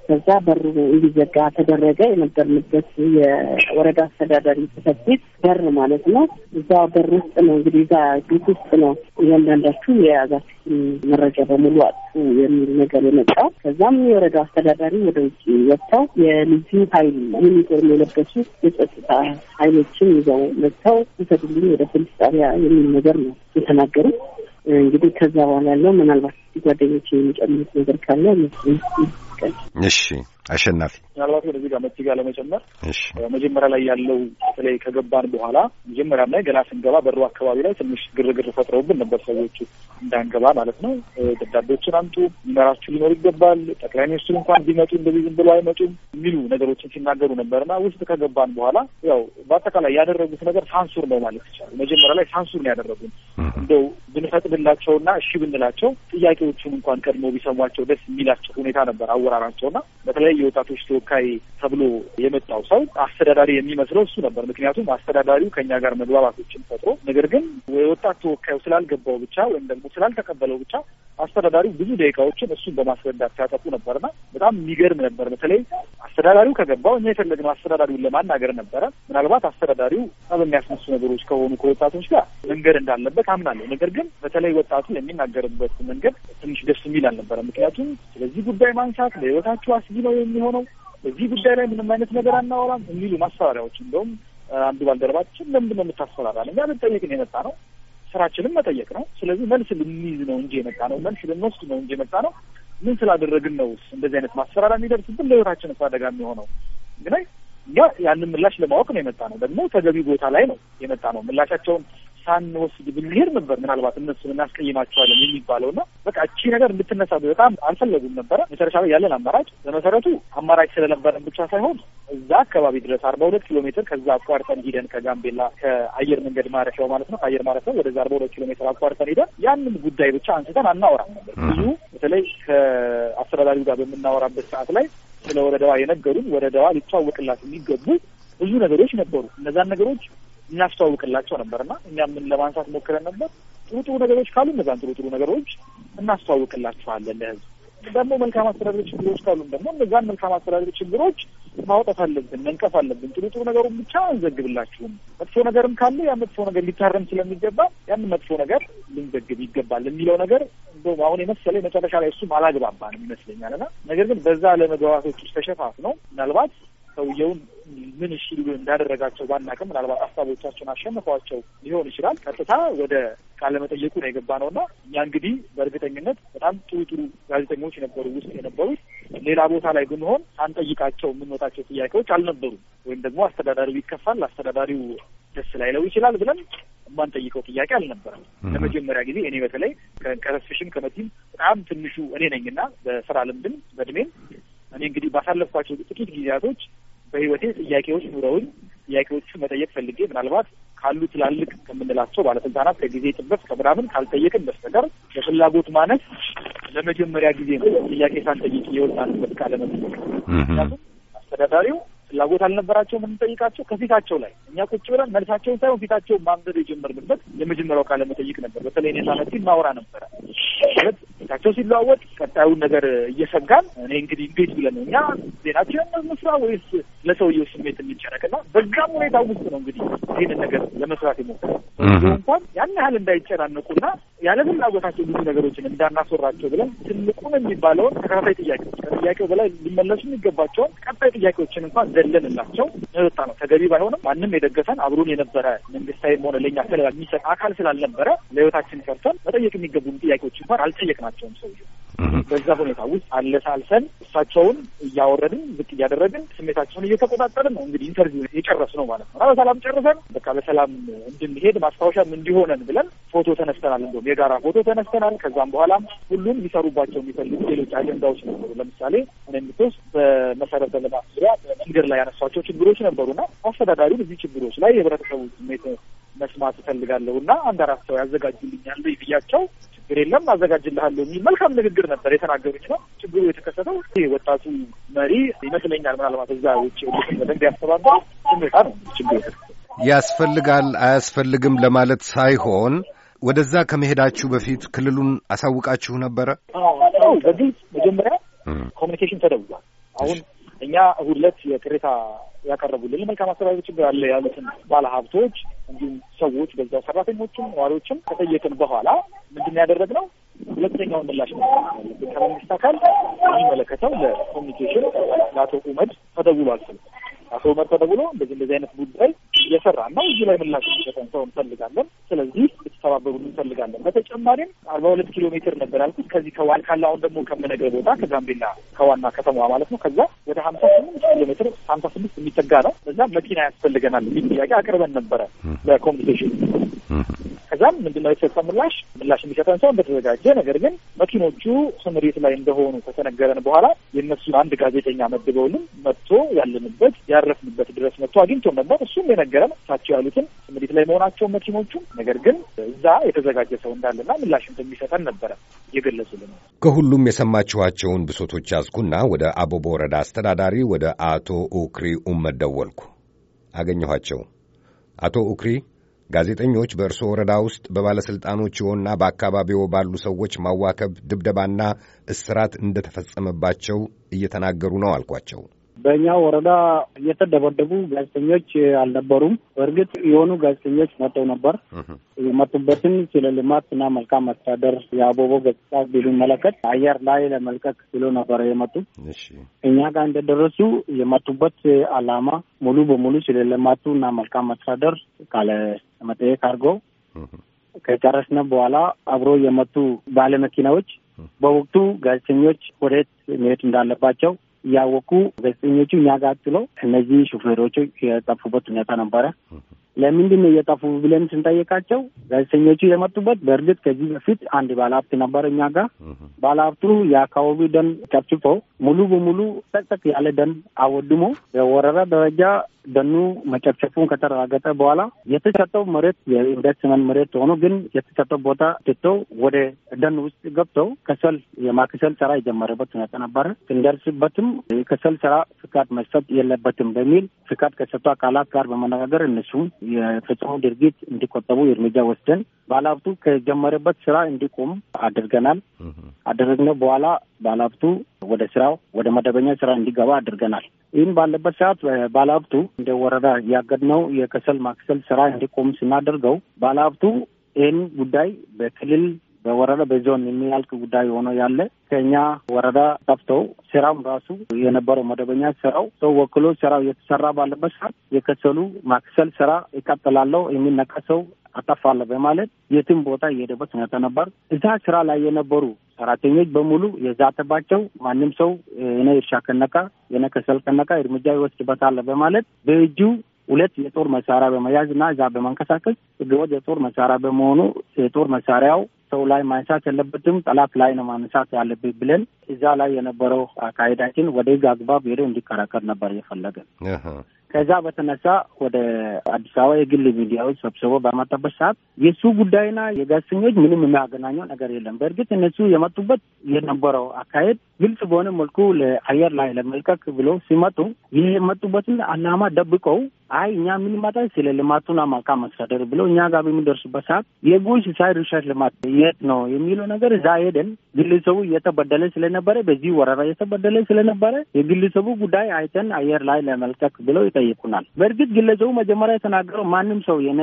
ከዛ በሩ እንዲዘጋ ተደረገ። የነበርንበት የወረዳ አስተዳዳሪ ጽሕፈት ቤት በር ማለት ነው። እዛ በር ውስጥ ነው እንግዲህ እዛ ቤት ውስጥ ነው እያንዳንዳችሁ የያዛችሁን መረጃ በሙሉ አጥፉ የሚል ነገር የመጣው። ከዛም የወረዳ አስተዳዳሪ ወደ ውጭ ወጥተው የልዩ ኃይል ዩኒፎርም የለበሱ የጸጥታ ኃይሎችን ይዘው መጥተው ውሰዱልኝ ወደ ፖሊስ ጣቢያ የሚል ነገር ነው የተናገሩት። እንግዲህ ከዛ በኋላ ያለው ምናልባት ጓደኞች የሚጨምሩት
ነገር ካለ ይስጥልኝ።
እሺ አሸናፊ
ምናልባት ወደዚህ ጋር መጅጋ ለመጨመር መጀመሪያ ላይ ያለው በተለይ ከገባን በኋላ መጀመሪያም ላይ ገና ስንገባ በሩ አካባቢ ላይ ትንሽ ግርግር ፈጥረውብን ነበር ሰዎቹ እንዳንገባ ማለት ነው። ደብዳቤዎችን አምጡ፣ ሚመራችሁ ሊኖር ይገባል፣ ጠቅላይ ሚኒስትሩ እንኳን ቢመጡ እንደዚህ ዝም ብሎ አይመጡም የሚሉ ነገሮችን ሲናገሩ ነበርና ውስጥ ከገባን በኋላ ያው በአጠቃላይ ያደረጉት ነገር ሳንሱር ነው ማለት ይቻላል። መጀመሪያ ላይ ሳንሱር ነው ያደረጉን። እንደው ብንፈቅድላቸውና እሺ ብንላቸው ጥያቄዎቹን እንኳን ቀድሞ ቢሰሟቸው ደስ የሚላቸው ሁኔታ ነበር አወራራቸውና በተለይ ላይ የወጣቶች ተወካይ ተብሎ የመጣው ሰው አስተዳዳሪ የሚመስለው እሱ ነበር። ምክንያቱም አስተዳዳሪው ከኛ ጋር መግባባቶችን ፈጥሮ ነገር ግን የወጣት ተወካዩ ስላልገባው ብቻ ወይም ደግሞ ስላልተቀበለው ብቻ አስተዳዳሪው ብዙ ደቂቃዎችን እሱን በማስረዳት ሲያጠፉ ነበርና በጣም የሚገርም ነበር። በተለይ አስተዳዳሪው ከገባው እኛ የፈለግነው አስተዳዳሪውን ለማናገር ነበረ። ምናልባት አስተዳዳሪው በሚያስነሱ ነገሮች ከሆኑ ከወጣቶች ጋር መንገድ እንዳለበት አምናለሁ። ነገር ግን በተለይ ወጣቱ የሚናገርበት መንገድ ትንሽ ደስ የሚል አልነበረ። ምክንያቱም ስለዚህ ጉዳይ ማንሳት ለህይወታችሁ አስጊ ነው የሚሆነው እዚህ ጉዳይ ላይ ምንም አይነት ነገር አናወራም የሚሉ ማስፈራሪያዎች፣ እንደውም አንዱ ባልደረባችን ለምንድን ነው የምታስፈራራን? እኛ የመጣ ነው፣ ስራችንም መጠየቅ ነው። ስለዚህ መልስ ልንይዝ ነው እንጂ የመጣ ነው፣ መልስ ልንወስድ ነው እንጂ የመጣ ነው። ምን ስላደረግን ነው እንደዚህ አይነት ማስፈራሪያ የሚደርስብን? ለህይወታችን አደጋ የሚሆነው ግን እኛ ያንን ምላሽ ለማወቅ ነው የመጣ ነው። ደግሞ ተገቢ ቦታ ላይ ነው የመጣ ነው። ምላሻቸውን ሳንወስድ ብንሄድ ነበር ምናልባት እነሱን እናስቀይማቸዋለን የሚባለው እና በቃ እቺ ነገር እንድትነሳ በጣም አልፈለጉም ነበረ። መሰረሻ ላይ ያለን አማራጭ በመሰረቱ አማራጭ ስለነበረን ብቻ ሳይሆን እዛ አካባቢ ድረስ አርባ ሁለት ኪሎ ሜትር ከዛ አቋርጠን ሂደን ከጋምቤላ ከአየር መንገድ ማረፊያው ማለት ነው ከአየር ማረፊያው ወደዛ አርባ ሁለት ኪሎ ሜትር አቋርጠን ሂደን ያንን ጉዳይ ብቻ አንስተን አናወራም ነበር። ብዙ በተለይ ከአስተዳዳሪው ጋር በምናወራበት ሰዓት ላይ ስለ ወረዳዋ የነገሩን ወረዳዋ ሊተዋወቅላት የሚገቡ ብዙ ነገሮች ነበሩ። እነዛን ነገሮች እናስተዋውቅላቸው ነበር እኛ እኛም ለማንሳት ሞክረን ነበር። ጥሩ ጥሩ ነገሮች ካሉ እነዛን ጥሩ ጥሩ ነገሮች እናስተዋውቅላቸዋለን ለህዝብ። ደግሞ መልካም አስተዳደር ችግሮች ካሉም ደግሞ እነዛን መልካም አስተዳደር ችግሮች ማውጣት አለብን፣ መንቀፍ አለብን። ጥሩ ጥሩ ነገሩን ብቻ አንዘግብላችሁም። መጥፎ ነገርም ካለ ያ መጥፎ ነገር ሊታረም ስለሚገባ ያን መጥፎ ነገር ልንዘግብ ይገባል የሚለው ነገር እንደውም አሁን የመሰለ መጨረሻ ላይ እሱም አላግባባንም ይመስለኛል እና ነገር ግን በዛ ለመግባባቶች ውስጥ ተሸፋፍ ነው ምናልባት ሰውየውን ምን እሺ እንዳደረጋቸው ባናውቅም ምናልባት ሀሳቦቻቸውን አሸንፈዋቸው ሊሆን ይችላል። ቀጥታ ወደ ቃለ መጠየቁ ነው የገባ ነው እና እኛ እንግዲህ በእርግጠኝነት በጣም ጥሩ ጥሩ ጋዜጠኞች የነበሩ ውስጥ የነበሩት። ሌላ ቦታ ላይ ብንሆን ሳንጠይቃቸው የምንወጣቸው ጥያቄዎች አልነበሩም። ወይም ደግሞ አስተዳዳሪው ይከፋል፣ አስተዳዳሪው ደስ ላይለው ይችላል ብለን የማንጠይቀው ጥያቄ አልነበረም። ለመጀመሪያ ጊዜ እኔ በተለይ ከረስሽም ከመቲም በጣም ትንሹ እኔ ነኝና በስራ ልምድም በእድሜም እኔ እንግዲህ ባሳለፍኳቸው ጥቂት ጊዜያቶች በህይወቴ ጥያቄዎች ኑረውኝ ጥያቄዎቹ መጠየቅ ፈልጌ ምናልባት ካሉ ትላልቅ ከምንላቸው ባለስልጣናት ከጊዜ ጥበት ከምናምን ካልጠየቅን በስተቀር የፍላጎት ማነት ለመጀመሪያ ጊዜ ነው ጥያቄ ሳንጠይቅ የወጣንበት ቃለ መጠይቅ። ምክንያቱም አስተዳዳሪው ፍላጎት አልነበራቸው የምንጠይቃቸው ከፊታቸው ላይ እኛ ቁጭ ብለን መልሳቸውን ሳይሆን ፊታቸውን ማንበብ የጀመርንበት የመጀመሪያው ቃለ መጠይቅ ነበር። በተለይ እኔ ማውራ ነበረ ፊታቸው ሲለዋወጥ ቀጣዩን ነገር እየሰጋን እኔ እንግዲህ እንዴት ብለን እኛ ዜናችንን መስራ ወይስ ለሰውየው ስሜት ና በዛም ሁኔታ ውስጥ ነው እንግዲህ ይህንን ነገር ለመስራት የሞከረው እንኳን ያን ያህል ና ያለ ፍላጎታቸው ብዙ ነገሮችን እንዳናስወራቸው ብለን ትልቁን የሚባለውን ተከታታይ ጥያቄዎች ከጥያቄው በላይ ሊመለሱ የሚገባቸውን ቀጣይ ጥያቄዎችን እንኳን ዘለንላቸው የወጣ ነው። ተገቢ ባይሆንም ማንም የደገፈን አብሮን የነበረ መንግስታዊም ሆነ ለእኛ የሚሰጥ አካል ስላልነበረ ለህይወታችን ሰርተን መጠየቅ የሚገቡን ጥያቄዎች እንኳን አልጠየቅናቸው። አልነበራቸውም ሰውየው። በዛ ሁኔታ ውስጥ አለሳልሰን እሳቸውን እያወረድን ዝቅ እያደረግን ስሜታቸውን እየተቆጣጠርን ነው እንግዲህ ኢንተርቪው የጨረስ ነው ማለት ነው። በሰላም ጨርሰን በቃ በሰላም እንድንሄድ ማስታወሻም እንዲሆነን ብለን ፎቶ ተነስተናል። እንደውም የጋራ ፎቶ ተነስተናል። ከዛም በኋላም ሁሉም ሊሰሩባቸው የሚፈልጉ ሌሎች አጀንዳዎች ነበሩ። ለምሳሌ ምንምቶስ በመሰረተ ልማት ዙሪያ መንገድ ላይ ያነሷቸው ችግሮች ነበሩና አስተዳዳሪ እዚህ ችግሮች ላይ የህብረተሰቡ ስሜት መስማት እፈልጋለሁ እና ሰው ያዘጋጁልኛል ብያቸው ችግር የለም አዘጋጅልሃለሁ የሚል መልካም ንግግር ነበር የተናገሩት ነው። ችግሩ የተከሰተው ይህ ወጣቱ መሪ ይመስለኛል ምናልባት እዛ ውጭ በደንብ ያስተባባ ስሜታ ነው ችግሩ
ያስፈልጋል አያስፈልግም ለማለት ሳይሆን ወደዛ ከመሄዳችሁ በፊት ክልሉን አሳውቃችሁ ነበረ?
በግልጽ መጀመሪያ ኮሚኒኬሽን ተደውሏል። አሁን እኛ እሑድ ዕለት የቅሬታ ያቀረቡልን መልካም አስተባቢ ችግር አለ ያሉትን ባለሀብቶች እንዲሁም ሰዎች በዛው ሰራተኞችም ነዋሪዎችም ከጠየቅን በኋላ ምንድን ነው ሁለተኛውን ምላሽ ከመንግስት አካል የሚመለከተው ለኮሚኒኬሽን ለአቶ ኡመድ ተደውሏል ስለ አቶ መርተ ደውሎ እንደዚህ እንደዚህ አይነት ጉዳይ እየሰራ እና እዚህ ላይ ምላሽ የሚሰጠን ሰው እንፈልጋለን። ስለዚህ ልትተባበሩ እንፈልጋለን። በተጨማሪም አርባ ሁለት ኪሎ ሜትር ነበር ያልኩት ከዚህ ከዋል ካለ አሁን ደግሞ ከምነገር ቦታ ከጋምቤላ ከዋና ከተማዋ ማለት ነው ከዛ ወደ ሀምሳ ስምንት ኪሎ ሜትር ሀምሳ ስምንት የሚጠጋ ነው። ከዛ መኪና ያስፈልገናል የሚል ጥያቄ አቅርበን ነበረ በኮሚኒኬሽን ከዛም ምንድነው የተሰጠ ምላሽ ምላሽ የሚሰጠን ሰው እንደተዘጋጀ ነገር ግን መኪኖቹ ስምሪት ላይ እንደሆኑ ከተነገረን በኋላ የእነሱ አንድ ጋዜጠኛ መድበውልን መጥቶ ያለንበት ያረፍንበት ድረስ መጥቶ አግኝቶ ነበር። እሱም የነገረን እሳቸው ያሉትን ስምሪት ላይ መሆናቸውን መኪኖቹም፣ ነገር ግን እዛ የተዘጋጀ ሰው እንዳለና ምላሽ እንደሚሰጠን ነበረ እየገለጹልን።
ከሁሉም የሰማችኋቸውን ብሶቶች ያዝኩና ወደ አቦቦ ወረዳ አስተዳዳሪ ወደ አቶ ኡክሪ ኡመድ ደወልኩ። አገኘኋቸው። አቶ ኡክሪ ጋዜጠኞች በእርስዎ ወረዳ ውስጥ በባለሥልጣኖችዎና በአካባቢዎ ባሉ ሰዎች ማዋከብ፣ ድብደባና እስራት እንደተፈጸመባቸው እየተናገሩ ነው አልኳቸው።
በእኛ ወረዳ እየተደበደቡ ጋዜጠኞች አልነበሩም። በእርግጥ የሆኑ ጋዜጠኞች መጥተው ነበር። የመጡበትን ስለ ልማት እና መልካም አስተዳደር የአቦቦ ገጽታ ቢመለከት አየር ላይ ለመልቀቅ ብሎ ነበረ የመጡ እኛ ጋር እንደደረሱ የመጡበት አላማ ሙሉ በሙሉ ስለ ልማቱ እና መልካም አስተዳደር ካለ መጠየቅ አድርገው ከጨረስነ በኋላ አብሮ የመጡ ባለመኪናዎች በወቅቱ ጋዜጠኞች ወዴት መሄድ እንዳለባቸው እያወቁ ጋዜጠኞቹ እኛ ጋር ጥለው እነዚህ ሹፌሮቹ የጠፉበት ሁኔታ ነበረ። ለምንድን ነው እየጠፉ ብለን ስንጠይቃቸው ጋዜጠኞቹ የመጡበት በእርግጥ ከዚህ በፊት አንድ ባለሀብት ነበር እኛ ጋር። ባለሀብቱ የአካባቢ ደን ጨፍጭፎ ሙሉ በሙሉ ጠቅጠቅ ያለ ደን አወድሞ በወረራ ደረጃ ደኑ መጨፍጨፉን ከተረጋገጠ በኋላ የተሰጠው መሬት የኢንቨስትመንት መሬት ሆኖ ግን የተሰጠው ቦታ ትተው ወደ ደን ውስጥ ገብተው ከሰል የማክሰል ስራ የጀመረበት ሁኔታ ነበረ። ስንደርስበትም የከሰል ስራ ፍቃድ መስጠት የለበትም በሚል ፍቃድ ከሰጡ አካላት ጋር በመነጋገር እነሱም የፈጽሞ ድርጊት እንዲቆጠቡ እርምጃ ወስደን ባለሀብቱ ከጀመረበት ስራ እንዲቆም አድርገናል። አደረግነው በኋላ ባለሀብቱ ወደ ስራው ወደ መደበኛ ስራ እንዲገባ አድርገናል። ይህን ባለበት ሰዓት ባለሀብቱ እንደ ወረዳ ያገድነው የከሰል ማክሰል ስራ እንዲቆም ስናደርገው ባለሀብቱ ይህን ጉዳይ በክልል በወረዳ በዞን የሚያልቅ ጉዳይ ሆኖ ያለ ከኛ ወረዳ ጠፍተው ስራም ራሱ የነበረው መደበኛ ስራው ሰው ወክሎ ስራው የተሰራ ባለበት ሰዓት የከሰሉ ማክሰል ስራ ይቀጥላለው የሚነቀሰው ሰው አጠፋለሁ በማለት የትም ቦታ የሄደበት ሁኔታ ነበር። እዛ ስራ ላይ የነበሩ ሰራተኞች በሙሉ የዛተባቸው ማንም ሰው የነ እርሻ ከነካ የነ ከሰል ከነካ እርምጃ ይወስድበታል በማለት በእጁ ሁለት የጦር መሳሪያ በመያዝ እና እዛ በመንቀሳቀስ ህገወጥ የጦር መሳሪያ በመሆኑ የጦር መሳሪያው ሰው ላይ ማንሳት የለበትም፣ ጠላት ላይ ነው ማንሳት ያለብህ ብለን እዛ ላይ የነበረው አካሄዳችን ወደ ህግ አግባብ ሄደው እንዲከራከር ነበር የፈለገን። ከዛ በተነሳ ወደ አዲስ አበባ የግል ሚዲያዎች ሰብስቦ በመጣበት ሰዓት የእሱ ጉዳይና የጋዜጠኞች ምንም የሚያገናኘው ነገር የለም። በእርግጥ እነሱ የመጡበት የነበረው አካሄድ ግልጽ በሆነ መልኩ ለአየር ላይ ለመልቀቅ ብሎ ሲመጡ ይህ የመጡበትን አላማ ደብቀው አይ እኛ የምንመጣ ስለ ልማቱን አማካ አስተዳደር ብለው እኛ ጋር በሚደርሱበት ሰዓት የጉሽ ሳይድ ሪሰርች ልማት የት ነው የሚለው ነገር እዛ ሄደን ግልሰቡ እየተበደለ ስለነበረ በዚህ ወረራ እየተበደለ ስለነበረ የግልሰቡ ጉዳይ አይተን አየር ላይ ለመልቀቅ ብለው ይጠይቁናል። በእርግጥ ግለሰቡ መጀመሪያ የተናገረው ማንም ሰው የነ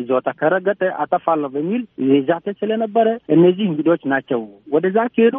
ይዞታ ከረገጠ አጠፋለሁ በሚል የዛተ ስለነበረ እነዚህ እንግዶች ናቸው ወደዛ ሲሄዱ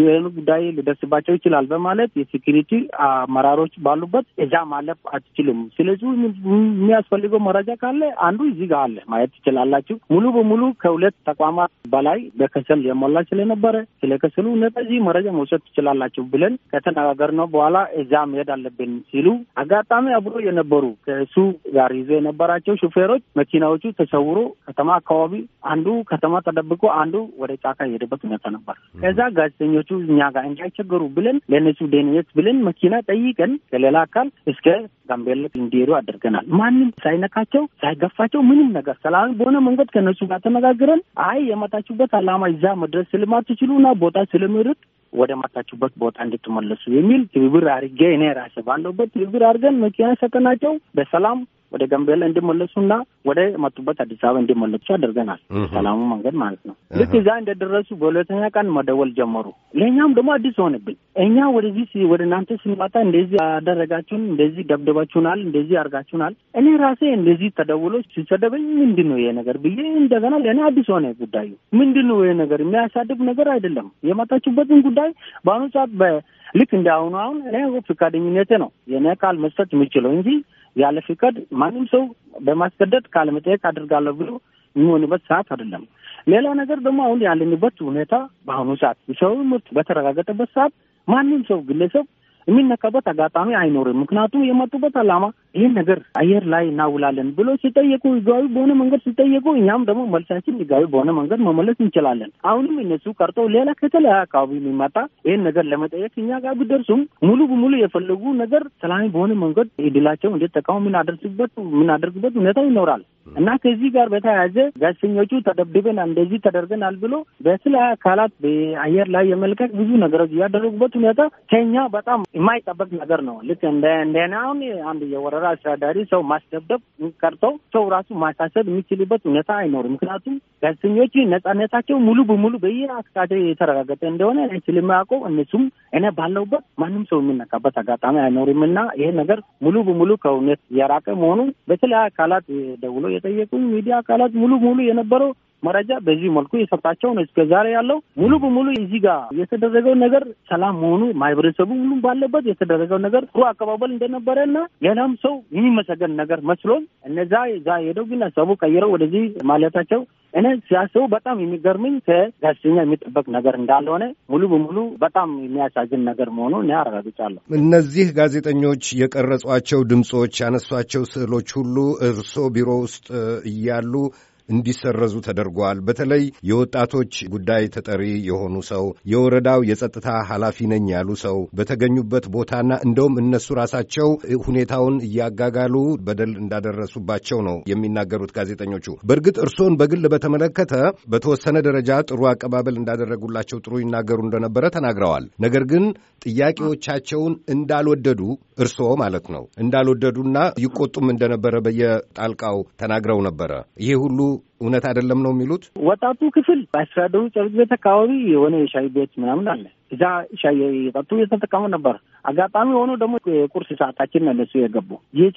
የሆኑ ጉዳይ ሊደርስባቸው ይችላል በማለት የሴኪሪቲ አመራሮች ባሉበት እዛ ማለፍ አትችልም። ስለዚህ የሚያስፈልገው መረጃ ካለ አንዱ እዚህ ጋር አለ ማየት ትችላላችሁ። ሙሉ በሙሉ ከሁለት ተቋማት በላይ በከሰል የሞላ ስለነበረ ስለ ከሰሉ እነዚህ መረጃ መውሰድ ትችላላችሁ ብለን ከተነጋገርነው በኋላ እዛ መሄድ አለብን ሲሉ አጋጣሚ አብሮ የነበሩ ከእሱ ጋር ይዞ የነበራቸው ሹፌሮች መኪናዎቹ ተሰውሮ ከተማ አካባቢ አንዱ ከተማ ተደብቆ አንዱ ወደ ጫካ የሄደበት ሁኔታ ነበር። ከዛ ጋዜጠኞቹ እኛ ጋር እንጃ እንዳይቸገሩ ብለን ለእነሱ ደህንነት ብለን መኪና ጠይቀን ከሌላ አካል እስከ ጋምቤላ እንዲሄዱ አድርገናል። ማንም ሳይነካቸው ሳይገፋቸው፣ ምንም ነገር ሰላም በሆነ መንገድ ከእነሱ ጋር ተነጋግረን አይ የመጣችሁበት አላማ እዛ መድረስ ስለማትችሉ እና ቦታ ስለምርጥ ወደ ማታችሁበት ቦታ እንድትመለሱ የሚል ትብብር አድርጌ እኔ ራሴ ባለሁበት ትብብር አድርገን መኪና ሰጠናቸው በሰላም ወደ እንዲመለሱ እንዲመለሱና ወደ መጡበት አዲስ አበባ እንዲመለሱ አድርገናል። ሰላሙ መንገድ ማለት ነው። ልክ እዛ እንደደረሱ በሁለተኛ ቀን መደወል ጀመሩ። ለእኛም ደግሞ አዲስ ሆነብን። እኛ ወደዚህ ወደ እናንተ ስንመጣ እንደዚህ አደረጋችሁን፣ እንደዚህ ደብደባችሁናል፣ እንደዚህ አርጋችሁናል። እኔ ራሴ እንደዚህ ተደውሎ ሲሰደበኝ ምንድን ነው ይሄ ነገር ብዬ እንደገና ለእኔ አዲስ ሆነ ጉዳዩ። ምንድን ነው ይሄ ነገር? የሚያሳድብ ነገር አይደለም። የመጣችሁበትን ጉዳይ በአሁኑ ሰዓት ልክ እንደ አሁኑ አሁን እኔ ፈቃደኝነቴ ነው የእኔ ቃል መስጠት የምችለው እንጂ ያለ ፍቃድ ማንም ሰው በማስገደድ ካለመጠየቅ አድርጋለሁ ብሎ የሚሆንበት ሰዓት አይደለም። ሌላ ነገር ደግሞ አሁን ያለንበት ሁኔታ በአሁኑ ሰዓት የሰብአዊ መብት በተረጋገጠበት ሰዓት ማንም ሰው ግለሰብ የሚነካበት አጋጣሚ አይኖርም። ምክንያቱም የመጡበት ዓላማ ይህን ነገር አየር ላይ እናውላለን ብሎ ሲጠየቁ ህጋዊ በሆነ መንገድ ሲጠየቁ እኛም ደግሞ መልሳችን ህጋዊ በሆነ መንገድ መመለስ እንችላለን። አሁንም እነሱ ቀርቶ ሌላ ከተለያየ አካባቢ የሚመጣ ይህን ነገር ለመጠየቅ እኛ ጋር ቢደርሱም ሙሉ በሙሉ የፈለጉ ነገር ሰላማዊ በሆነ መንገድ እድላቸው እንዴት ተቃውሞ የምናደርስበት የምናደርግበት ሁኔታ ይኖራል እና ከዚህ ጋር በተያያዘ ጋዜጠኞቹ ተደብድበን እንደዚህ ተደርገናል ብሎ በተለያዩ አካላት በአየር ላይ የመልቀቅ ብዙ ነገሮች እያደረጉበት ሁኔታ ከኛ በጣም የማይጠበቅ ነገር ነው። ልክ እንደ አሁን አንድ የወረ የወረዳ አስተዳዳሪ ሰው ማስደብደብ ቀርተው ሰው ራሱ ማሳሰብ የሚችልበት ሁኔታ አይኖርም። ምክንያቱም ጋዜጠኞች ነጻነታቸው ሙሉ በሙሉ በየአካቴ የተረጋገጠ እንደሆነ እኔ ስለማያውቀው እነሱም እኔ ባለውበት ማንም ሰው የሚነካበት አጋጣሚ አይኖርም እና ይሄ ነገር ሙሉ በሙሉ ከእውነት የራቀ መሆኑን በተለያዩ አካላት ደውሎ የጠየቁኝ ሚዲያ አካላት ሙሉ ሙሉ የነበረው መረጃ በዚህ መልኩ የሰጣቸው ነው። እስከ ዛሬ ያለው ሙሉ በሙሉ እዚህ ጋር የተደረገውን ነገር ሰላም መሆኑ ማህበረሰቡ ሁሉም ባለበት የተደረገው ነገር ጥሩ አቀባበል እንደነበረ እና ሌላም ሰው የሚመሰገን ነገር መስሎን እነዛ ዛ ሄደው ግን ሀሳቡ ቀይረው ወደዚህ ማለታቸው እኔ ሲያስቡ በጣም የሚገርምኝ ከጋዜጠኛ የሚጠበቅ ነገር እንዳልሆነ ሙሉ በሙሉ በጣም የሚያሳዝን ነገር መሆኑ እኔ አረጋግጫለሁ።
እነዚህ ጋዜጠኞች የቀረጿቸው ድምፆች፣ ያነሷቸው ስዕሎች ሁሉ እርሶ ቢሮ ውስጥ እያሉ እንዲሰረዙ ተደርጓል። በተለይ የወጣቶች ጉዳይ ተጠሪ የሆኑ ሰው የወረዳው የጸጥታ ኃላፊ ነኝ ያሉ ሰው በተገኙበት ቦታና እንደውም እነሱ ራሳቸው ሁኔታውን እያጋጋሉ በደል እንዳደረሱባቸው ነው የሚናገሩት ጋዜጠኞቹ። በእርግጥ እርስዎን በግል በተመለከተ በተወሰነ ደረጃ ጥሩ አቀባበል እንዳደረጉላቸው ጥሩ ይናገሩ እንደነበረ ተናግረዋል። ነገር ግን ጥያቄዎቻቸውን እንዳልወደዱ እርስዎ ማለት ነው እንዳልወደዱና ይቆጡም እንደነበረ በየጣልቃው ተናግረው ነበረ። ይሄ ሁሉ እውነት አይደለም ነው የሚሉት
ወጣቱ ክፍል። በአስተዳደሩ ጨርቅ ቤት አካባቢ የሆነ የሻይ ቤት ምናምን አለ። እዛ ሻይ የጠጡ እየተጠቀሙ ነበር። አጋጣሚ ሆኖ ደግሞ የቁርስ ሰዓታችን መለሱ የገቡ። ይህ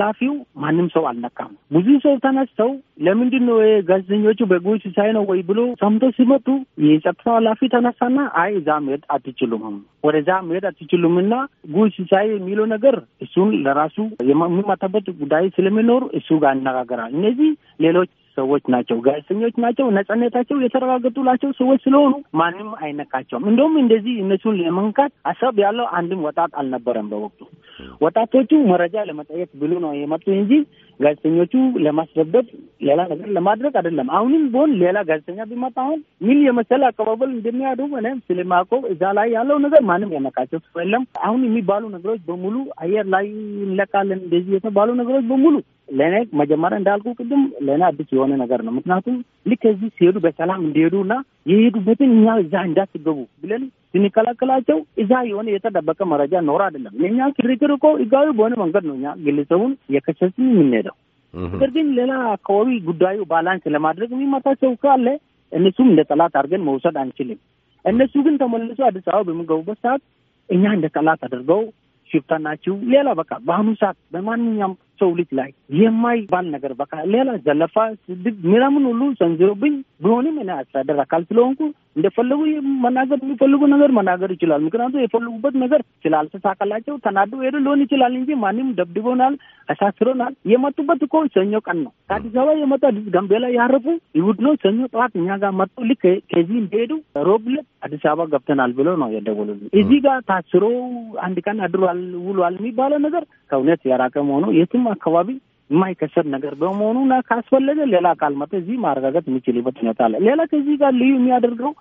ላፊው ማንም ሰው አልነካም። ብዙ ሰው ተነስተው ለምንድን ነው ጋዜጠኞቹ በጎች ሳይ ነው ወይ ብሎ ሰምቶ ሲመጡ የጸጥታ ላፊ ተነሳና አይ እዛ መሄድ አትችሉም፣ ወደዛ መሄድ አትችሉም እና ጉች ሳይ የሚለው ነገር እሱን ለራሱ የሚመታበት ጉዳይ ስለሚኖር እሱ ጋር አነጋገራል። እነዚህ ሌሎች ሰዎች ናቸው፣ ጋዜጠኞች ናቸው። ነጻነታቸው የተረጋገጡላቸው ሰዎች ስለሆኑ ማንም አይነካቸውም። እንደውም እንደዚህ እነሱን ለመንካት ሀሳብ ያለው አንድም ወጣት አልነበረም በወቅቱ። ወጣቶቹ መረጃ ለመጠየቅ ብሉ ነው የመጡ እንጂ ጋዜጠኞቹ ለማስረበብ ሌላ ነገር ለማድረግ አይደለም። አሁንም ቢሆን ሌላ ጋዜጠኛ ቢመጣ አሁን ሚል የመሰለ አቀባበል እንደሚያደርጉ እኔም ስለማውቀው እዛ ላይ ያለው ነገር ማንም ያመካቸው ሰው የለም። አሁን የሚባሉ ነገሮች በሙሉ አየር ላይ እንለቃለን እንደዚህ የተባሉ ነገሮች በሙሉ ለእኔ መጀመሪያ እንዳልኩ ቅድም ለእኔ አዲስ የሆነ የሆነ ነገር ነው። ምክንያቱም ልክ እዚህ ሲሄዱ በሰላም እንዲሄዱና የሄዱበትን እኛ እዛ እንዳትገቡ ብለን ስንከላከላቸው እዛ የሆነ የተደበቀ መረጃ ኖር አይደለም። እኛ ክርክር እኮ ህጋዊ በሆነ መንገድ ነው እኛ ግለሰቡን የከሰስን የምንሄደው። ነገር ግን ሌላ አካባቢ ጉዳዩ ባላንስ ለማድረግ የሚመታቸው ካለ እነሱም እንደ ጠላት አድርገን መውሰድ አንችልም። እነሱ ግን ተመልሶ አዲስ አበባ በሚገቡበት ሰዓት እኛ እንደ ጠላት አድርገው ሽፍታ ናችሁ ሌላ በቃ በአሁኑ ሰዓት በማንኛውም ሰው ልጅ ላይ የማይባል ነገር በቃ ሌላ ዘለፋ፣ ስድብ ምናምን ሁሉ ሰንዝሮብኝ ቢሆንም እኔ አስተዳደር አካል ስለሆንኩ እንደፈለጉ መናገር የሚፈልጉ ነገር መናገር ይችላል። ምክንያቱም የፈልጉበት ነገር ስላልተሳካላቸው ተናዶ ሄዶ ሊሆን ይችላል እንጂ ማንም ደብድቦናል፣ አሳስሮናል። የመጡበት እኮ ሰኞ ቀን ነው። ከአዲስ አበባ የመጡ አዲስ ጋምቤላ ያረፉ ይሁድ ነው። ሰኞ ጠዋት እኛ ጋር መጡ። ልክ ከዚህ እንደሄዱ ሮብለት አዲስ አበባ ገብተናል ብሎ ነው የደወሉት። እዚህ ጋር ታስሮ አንድ ቀን አድሯል ውሏል የሚባለው ነገር ከእውነት የራቀ መሆኑ የትም አካባቢ የማይከሰት ነገር በመሆኑ እና ካስፈለገ ሌላ አካል መጠ እዚህ ማረጋገጥ የሚችልበት ሁኔታ አለ። ሌላ ከዚህ ጋር ልዩ የሚያደርገው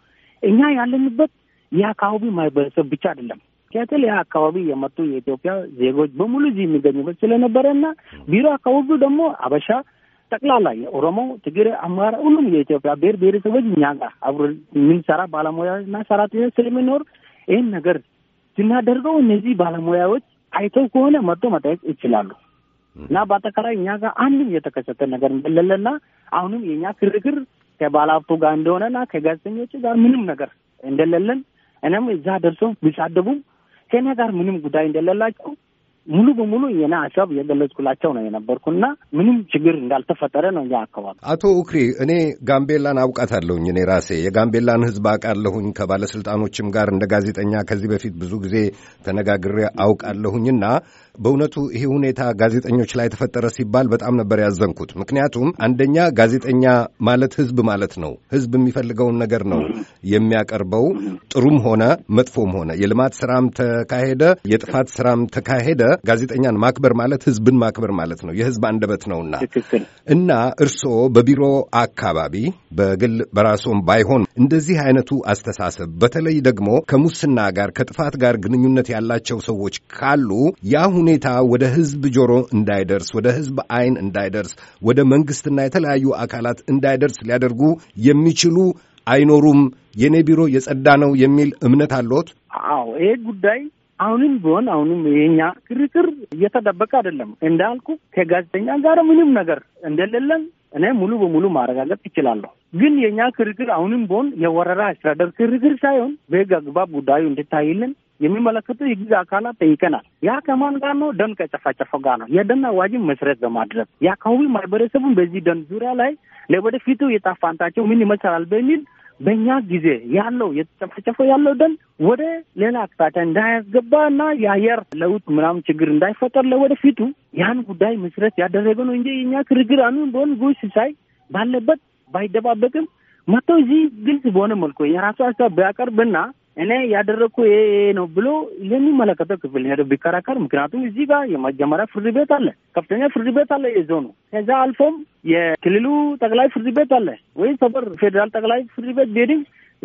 እኛ ያለንበት የአካባቢ ማህበረሰብ ብቻ አይደለም። ያ አካባቢ የመጡ የኢትዮጵያ ዜጎች በሙሉ እዚህ የሚገኙበት ስለነበረ እና ቢሮ አካባቢ ደግሞ አበሻ ጠቅላላ የኦሮሞ፣ ትግሬ፣ አማራ ሁሉም የኢትዮጵያ ብሔር ብሔረሰቦች እኛ ጋር አብሮ የምንሰራ ባለሙያና ሰራተኛ ስለሚኖር ይህን ነገር ስናደርገው እነዚህ ባለሙያዎች አይተው ከሆነ መጥቶ መጠየቅ ይችላሉ። እና በአጠቃላይ እኛ ጋር አንድም የተከሰተ ነገር እንደሌለና አሁንም የእኛ ክርክር ከባለሀብቱ ጋር እንደሆነና ከጋዜጠኞች ጋር ምንም ነገር እንደሌለን እኔም እዛ ደርሶ ቢሳደቡም ከእኛ ጋር ምንም ጉዳይ እንደሌላቸው ሙሉ በሙሉ የኔ ሀሳብ የገለጽኩላቸው ነው የነበርኩና ምንም ችግር እንዳልተፈጠረ ነው እኛ አካባቢ።
አቶ ኡክሪ እኔ ጋምቤላን አውቃታለሁኝ። እኔ ራሴ የጋምቤላን ህዝብ አውቃለሁኝ። ከባለስልጣኖችም ጋር እንደ ጋዜጠኛ ከዚህ በፊት ብዙ ጊዜ ተነጋግሬ አውቃለሁኝና በእውነቱ ይህ ሁኔታ ጋዜጠኞች ላይ ተፈጠረ ሲባል በጣም ነበር ያዘንኩት። ምክንያቱም አንደኛ ጋዜጠኛ ማለት ህዝብ ማለት ነው። ህዝብ የሚፈልገውን ነገር ነው የሚያቀርበው። ጥሩም ሆነ መጥፎም ሆነ የልማት ስራም ተካሄደ፣ የጥፋት ስራም ተካሄደ፣ ጋዜጠኛን ማክበር ማለት ህዝብን ማክበር ማለት ነው። የህዝብ አንደበት ነውና እና እርስዎ በቢሮ አካባቢ በግል በራስዎም ባይሆን እንደዚህ አይነቱ አስተሳሰብ በተለይ ደግሞ ከሙስና ጋር ከጥፋት ጋር ግንኙነት ያላቸው ሰዎች ካሉ ያ ሁኔታ ወደ ህዝብ ጆሮ እንዳይደርስ፣ ወደ ህዝብ አይን እንዳይደርስ፣ ወደ መንግስትና የተለያዩ አካላት እንዳይደርስ ሊያደርጉ የሚችሉ አይኖሩም። የእኔ ቢሮ የጸዳ ነው የሚል እምነት አለዎት?
አዎ ይሄ ጉዳይ አሁንም ቢሆን አሁንም የኛ ክርክር እየተደበቀ አይደለም። እንዳልኩ ከጋዜጠኛ ጋር ምንም ነገር እንደሌለን እኔ ሙሉ በሙሉ ማረጋገጥ ይችላለሁ። ግን የእኛ ክርክር አሁንም ቢሆን የወረራ አስተዳደር ክርክር ሳይሆን በህግ አግባብ ጉዳዩ እንድታይልን የሚመለከቱ የጊዜ አካላት ጠይቀናል። ያ ከማን ጋር ነው? ደን ከጨፋጨፈው ጋር ነው። የደን አዋጅን መሰረት በማድረግ የአካባቢ ማህበረሰቡን በዚህ ደን ዙሪያ ላይ ለወደፊቱ የጣፋንታቸው ምን ይመስላል በሚል በእኛ ጊዜ ያለው የተጨፈጨፈው ያለው ደን ወደ ሌላ አቅጣጫ እንዳያስገባ እና የአየር ለውጥ ምናምን ችግር እንዳይፈጠር ለወደፊቱ ያን ጉዳይ መስረት ያደረገ ነው እንጂ የእኛ ክርግር አኑ በሆን ጉሽ ሲሳይ ባለበት ባይደባበቅም መጥተው እዚህ ግልጽ በሆነ መልኩ የራሱ ሀሳብ ቢያቀርብና እኔ ያደረግኩ ይሄ ነው ብሎ የሚመለከተው ክፍል ሄደው ቢከራከር፣ ምክንያቱም እዚህ ጋር የመጀመሪያ ፍርድ ቤት አለ፣ ከፍተኛ ፍርድ ቤት አለ የዞኑ ከዛ አልፎም የክልሉ ጠቅላይ ፍርድ ቤት አለ ወይ ሰበር ፌዴራል ጠቅላይ ፍርድ ቤት ቤድም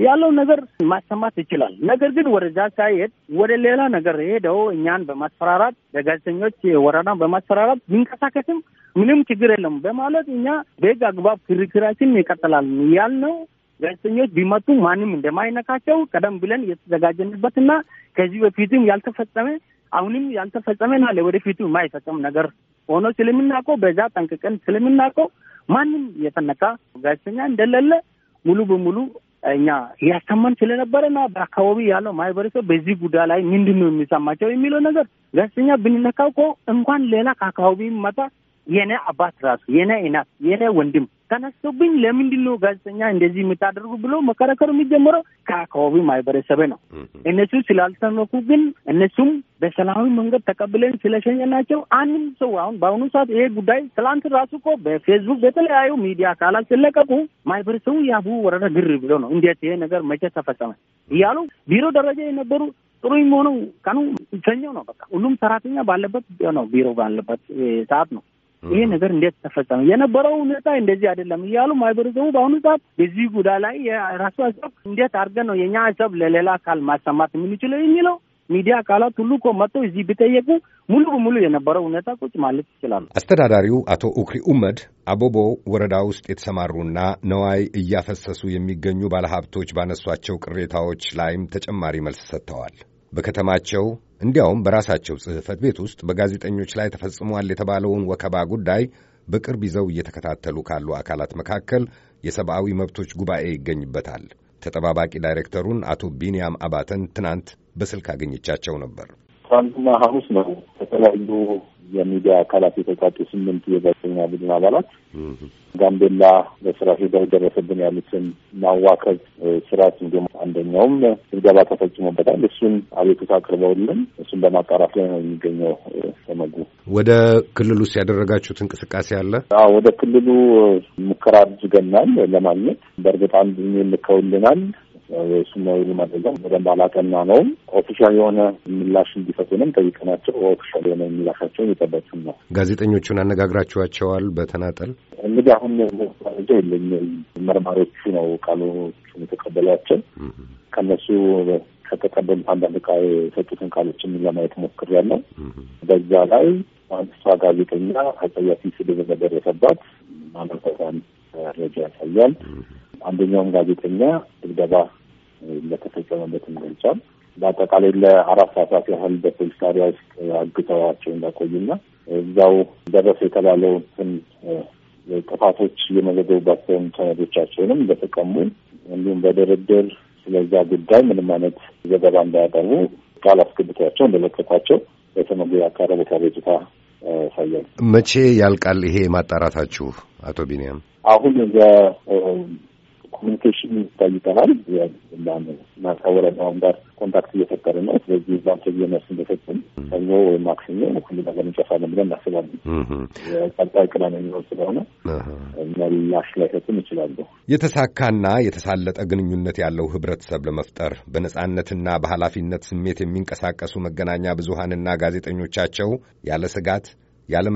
ያለው ነገር ማሰማት ይችላል። ነገር ግን ወደዛ ሳይሄድ ወደ ሌላ ነገር ሄደው እኛን በማስፈራራት በጋዜጠኞች ወረዳ በማስፈራራት ቢንቀሳቀስም ምንም ችግር የለም በማለት እኛ በግ አግባብ ክርክራችን ይቀጥላል ያልነው ጋዜጠኞች ቢመጡ ማንም እንደማይነካቸው ቀደም ብለን የተዘጋጀንበትና ከዚህ በፊትም ያልተፈጸመ አሁንም ና ለወደፊቱ የማይፈጸም ነገር ሆኖ ስለምናውቀው በዛ ጠንቅቀን ስለምናውቀው ማንም የተነካ ጋዜጠኛ እንደሌለ ሙሉ በሙሉ እኛ እያስተማን ና በአካባቢ ያለው ማህበረሰብ በዚህ ጉዳይ ላይ ምንድን ነው የሚሰማቸው የሚለው ነገር ጋዜጠኛ ብንነካ እኮ እንኳን ሌላ ከአካባቢ መጣ የነ አባት ራሱ የነ እናት የነ ወንድም ተነስቶብኝ ለምንድን ነው ጋዜጠኛ እንደዚህ የምታደርጉ ብሎ መከራከር የሚጀምረው ከአካባቢ ማህበረሰብ ነው። እነሱ ስላልተመኩ ግን እነሱም በሰላማዊ መንገድ ተቀብለን ናቸው። አንድም ሰው አሁን በአሁኑ ሰዓት ይሄ ጉዳይ ትላንት ራሱ እኮ በፌስቡክ በተለያዩ ሚዲያ አካላት ስለቀቁ ማህበረሰቡ የአቡ ወረዳ ግር ብሎ ነው እንዴት ይሄ ነገር መቼ ተፈጸመ እያሉ ቢሮ ደረጃ የነበሩ ጥሩ የሚሆነው ቀኑ ሰኞ ነው። በቃ ሁሉም ሰራተኛ ባለበት ነው ቢሮ ባለበት ሰዓት ነው ይሄ ነገር እንዴት ተፈጸመ? የነበረው ሁኔታ እንደዚህ አይደለም እያሉ ማህበረሰቡ በአሁኑ ሰዓት በዚህ ጉዳይ ላይ የራሱ ሀሳብ እንዴት አድርገን ነው የኛ ሀሳብ ለሌላ አካል ማሰማት የምንችለው የሚለው ሚዲያ አካላት ሁሉ እኮ መጥተው እዚህ ቢጠየቁ ሙሉ በሙሉ የነበረው እውነታ ቁጭ ማለት ይችላሉ።
አስተዳዳሪው አቶ ኡክሪ ኡመድ አቦቦ ወረዳ ውስጥ የተሰማሩና ነዋይ እያፈሰሱ የሚገኙ ባለሀብቶች ባነሷቸው ቅሬታዎች ላይም ተጨማሪ መልስ ሰጥተዋል። በከተማቸው እንዲያውም በራሳቸው ጽሕፈት ቤት ውስጥ በጋዜጠኞች ላይ ተፈጽሟል የተባለውን ወከባ ጉዳይ በቅርብ ይዘው እየተከታተሉ ካሉ አካላት መካከል የሰብአዊ መብቶች ጉባኤ ይገኝበታል። ተጠባባቂ ዳይሬክተሩን አቶ ቢንያም አባተን ትናንት በስልክ አገኘቻቸው ነበር።
ትናንትና ሐሙስ ነው ከተለያዩ የሚዲያ አካላት የተውጣጡ ስምንት የጋዜጠኛ ቡድን አባላት ጋምቤላ በስራ ሂደው ደረሰብን ያሉትን ማዋከብ ስራ እንዲሁም አንደኛውም ድብደባ ተፈጽሞበታል። እሱን አቤቱታ አቅርበውልን እሱን በማጣራት ላይ ነው የሚገኘው። ተመጉ
ወደ ክልሉ ውስጥ ያደረጋችሁት እንቅስቃሴ አለ?
አዎ ወደ ክልሉ ሙከራ አድርገናል ለማግኘት በእርግጥ አንድ ልከውልናል። የእሱን ነው የማድረገም በደንብ አላጠና ነውም። ኦፊሻል የሆነ ምላሽ እንዲሰጡንም ጠይቀናቸው ኦፊሻል የሆነ ምላሻቸውን የጠበቅም ነው።
ጋዜጠኞቹን አነጋግራችኋቸዋል? በተናጠል
እንግዲህ አሁን መረጃ የለኝ። መርማሪዎቹ ነው ቃሎቹን የተቀበሏቸው ከነሱ ከተቀበሉት አንዳንድ ቃ የሰጡትን ቃሎችን ለማየት ሞክር ያለው በዛ ላይ አንስቷ ጋዜጠኛ አጸያፊ ስድብ በደረሰባት ማመልከቷን መረጃ ያሳያል። አንደኛውም ጋዜጠኛ ድብደባ እንደተፈጸመበትም ገልጿል። በአጠቃላይ ለአራት ሰዓታት ያህል በፖሊስ ጣቢያ ውስጥ አግተዋቸው እንዳቆዩና እዛው ደረሰ የተባለውን ጥፋቶች እየመዘገቡባቸውን ሰነዶቻቸውንም እንደተቀሙ እንዲሁም በድርድር ስለዛ ጉዳይ ምንም አይነት ዘገባ እንዳያቀርቡ ቃል አስገብቷቸው እንደለቀቋቸው በተመጉ ያቀረቡት አቤቱታ ያሳያል።
መቼ ያልቃል ይሄ ማጣራታችሁ አቶ ቢኒያም?
አሁን ኮሚኒኬሽን ይታይተናል። ማታ ወረዳውን ጋር ኮንታክት እየፈጠረ ነው። ስለዚህ እዛም ሰየ መልስ እንደሰጥም ሰኞ ወይም ማክሰኞ ሁሉ ነገር እንጨፋለን ብለን እናስባለን። ቀጣይ ቅዳሜ የሚሆን ስለሆነ ምላሽ ላይ ሰጥም ይችላሉ።
የተሳካና የተሳለጠ ግንኙነት ያለው ህብረተሰብ ለመፍጠር በነጻነትና በኃላፊነት ስሜት የሚንቀሳቀሱ መገናኛ ብዙሀንና ጋዜጠኞቻቸው ያለ ስጋት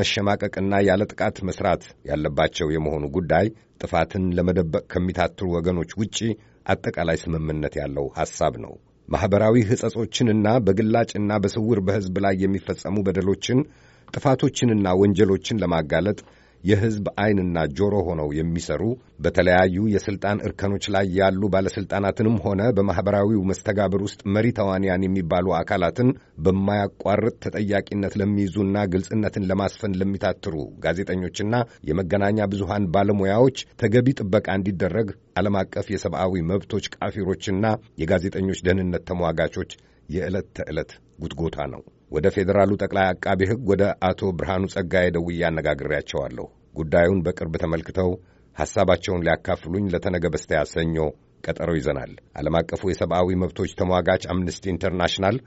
መሸማቀቅና ያለ ጥቃት መስራት ያለባቸው የመሆኑ ጉዳይ ጥፋትን ለመደበቅ ከሚታትሩ ወገኖች ውጪ አጠቃላይ ስምምነት ያለው ሐሳብ ነው። ማኅበራዊ ሕጸጾችንና በግላጭና በስውር በሕዝብ ላይ የሚፈጸሙ በደሎችን ጥፋቶችንና ወንጀሎችን ለማጋለጥ የሕዝብ ዐይንና ጆሮ ሆነው የሚሰሩ በተለያዩ የሥልጣን እርከኖች ላይ ያሉ ባለሥልጣናትንም ሆነ በማኅበራዊው መስተጋብር ውስጥ መሪ ተዋንያን የሚባሉ አካላትን በማያቋርጥ ተጠያቂነት ለሚይዙና ግልጽነትን ለማስፈን ለሚታትሩ ጋዜጠኞችና የመገናኛ ብዙሃን ባለሙያዎች ተገቢ ጥበቃ እንዲደረግ ዓለም አቀፍ የሰብአዊ መብቶች ቃፊሮችና የጋዜጠኞች ደህንነት ተሟጋቾች የዕለት ተዕለት ጉትጎታ ነው። ወደ ፌዴራሉ ጠቅላይ አቃቢ ሕግ ወደ አቶ ብርሃኑ ጸጋዬ ደውዬ አነጋግሬያቸዋለሁ። ጉዳዩን በቅርብ ተመልክተው ሐሳባቸውን ሊያካፍሉኝ ለተነገ በስቲያ ሰኞ ቀጠሮ ይዘናል። ዓለም አቀፉ የሰብአዊ መብቶች ተሟጋች አምነስቲ ኢንተርናሽናል፣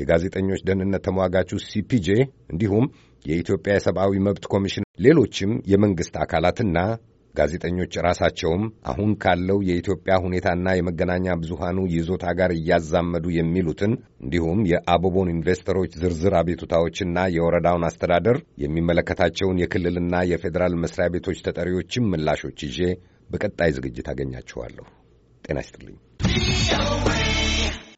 የጋዜጠኞች ደህንነት ተሟጋቹ ሲፒጄ እንዲሁም የኢትዮጵያ የሰብአዊ መብት ኮሚሽን ሌሎችም የመንግሥት አካላትና ጋዜጠኞች ራሳቸውም አሁን ካለው የኢትዮጵያ ሁኔታና የመገናኛ ብዙሃኑ ይዞታ ጋር እያዛመዱ የሚሉትን እንዲሁም የአቦቦን ኢንቨስተሮች ዝርዝር አቤቱታዎችና የወረዳውን አስተዳደር የሚመለከታቸውን የክልልና የፌዴራል መስሪያ ቤቶች ተጠሪዎችም ምላሾች ይዤ በቀጣይ ዝግጅት አገኛችኋለሁ። ጤና ይስጥልኝ።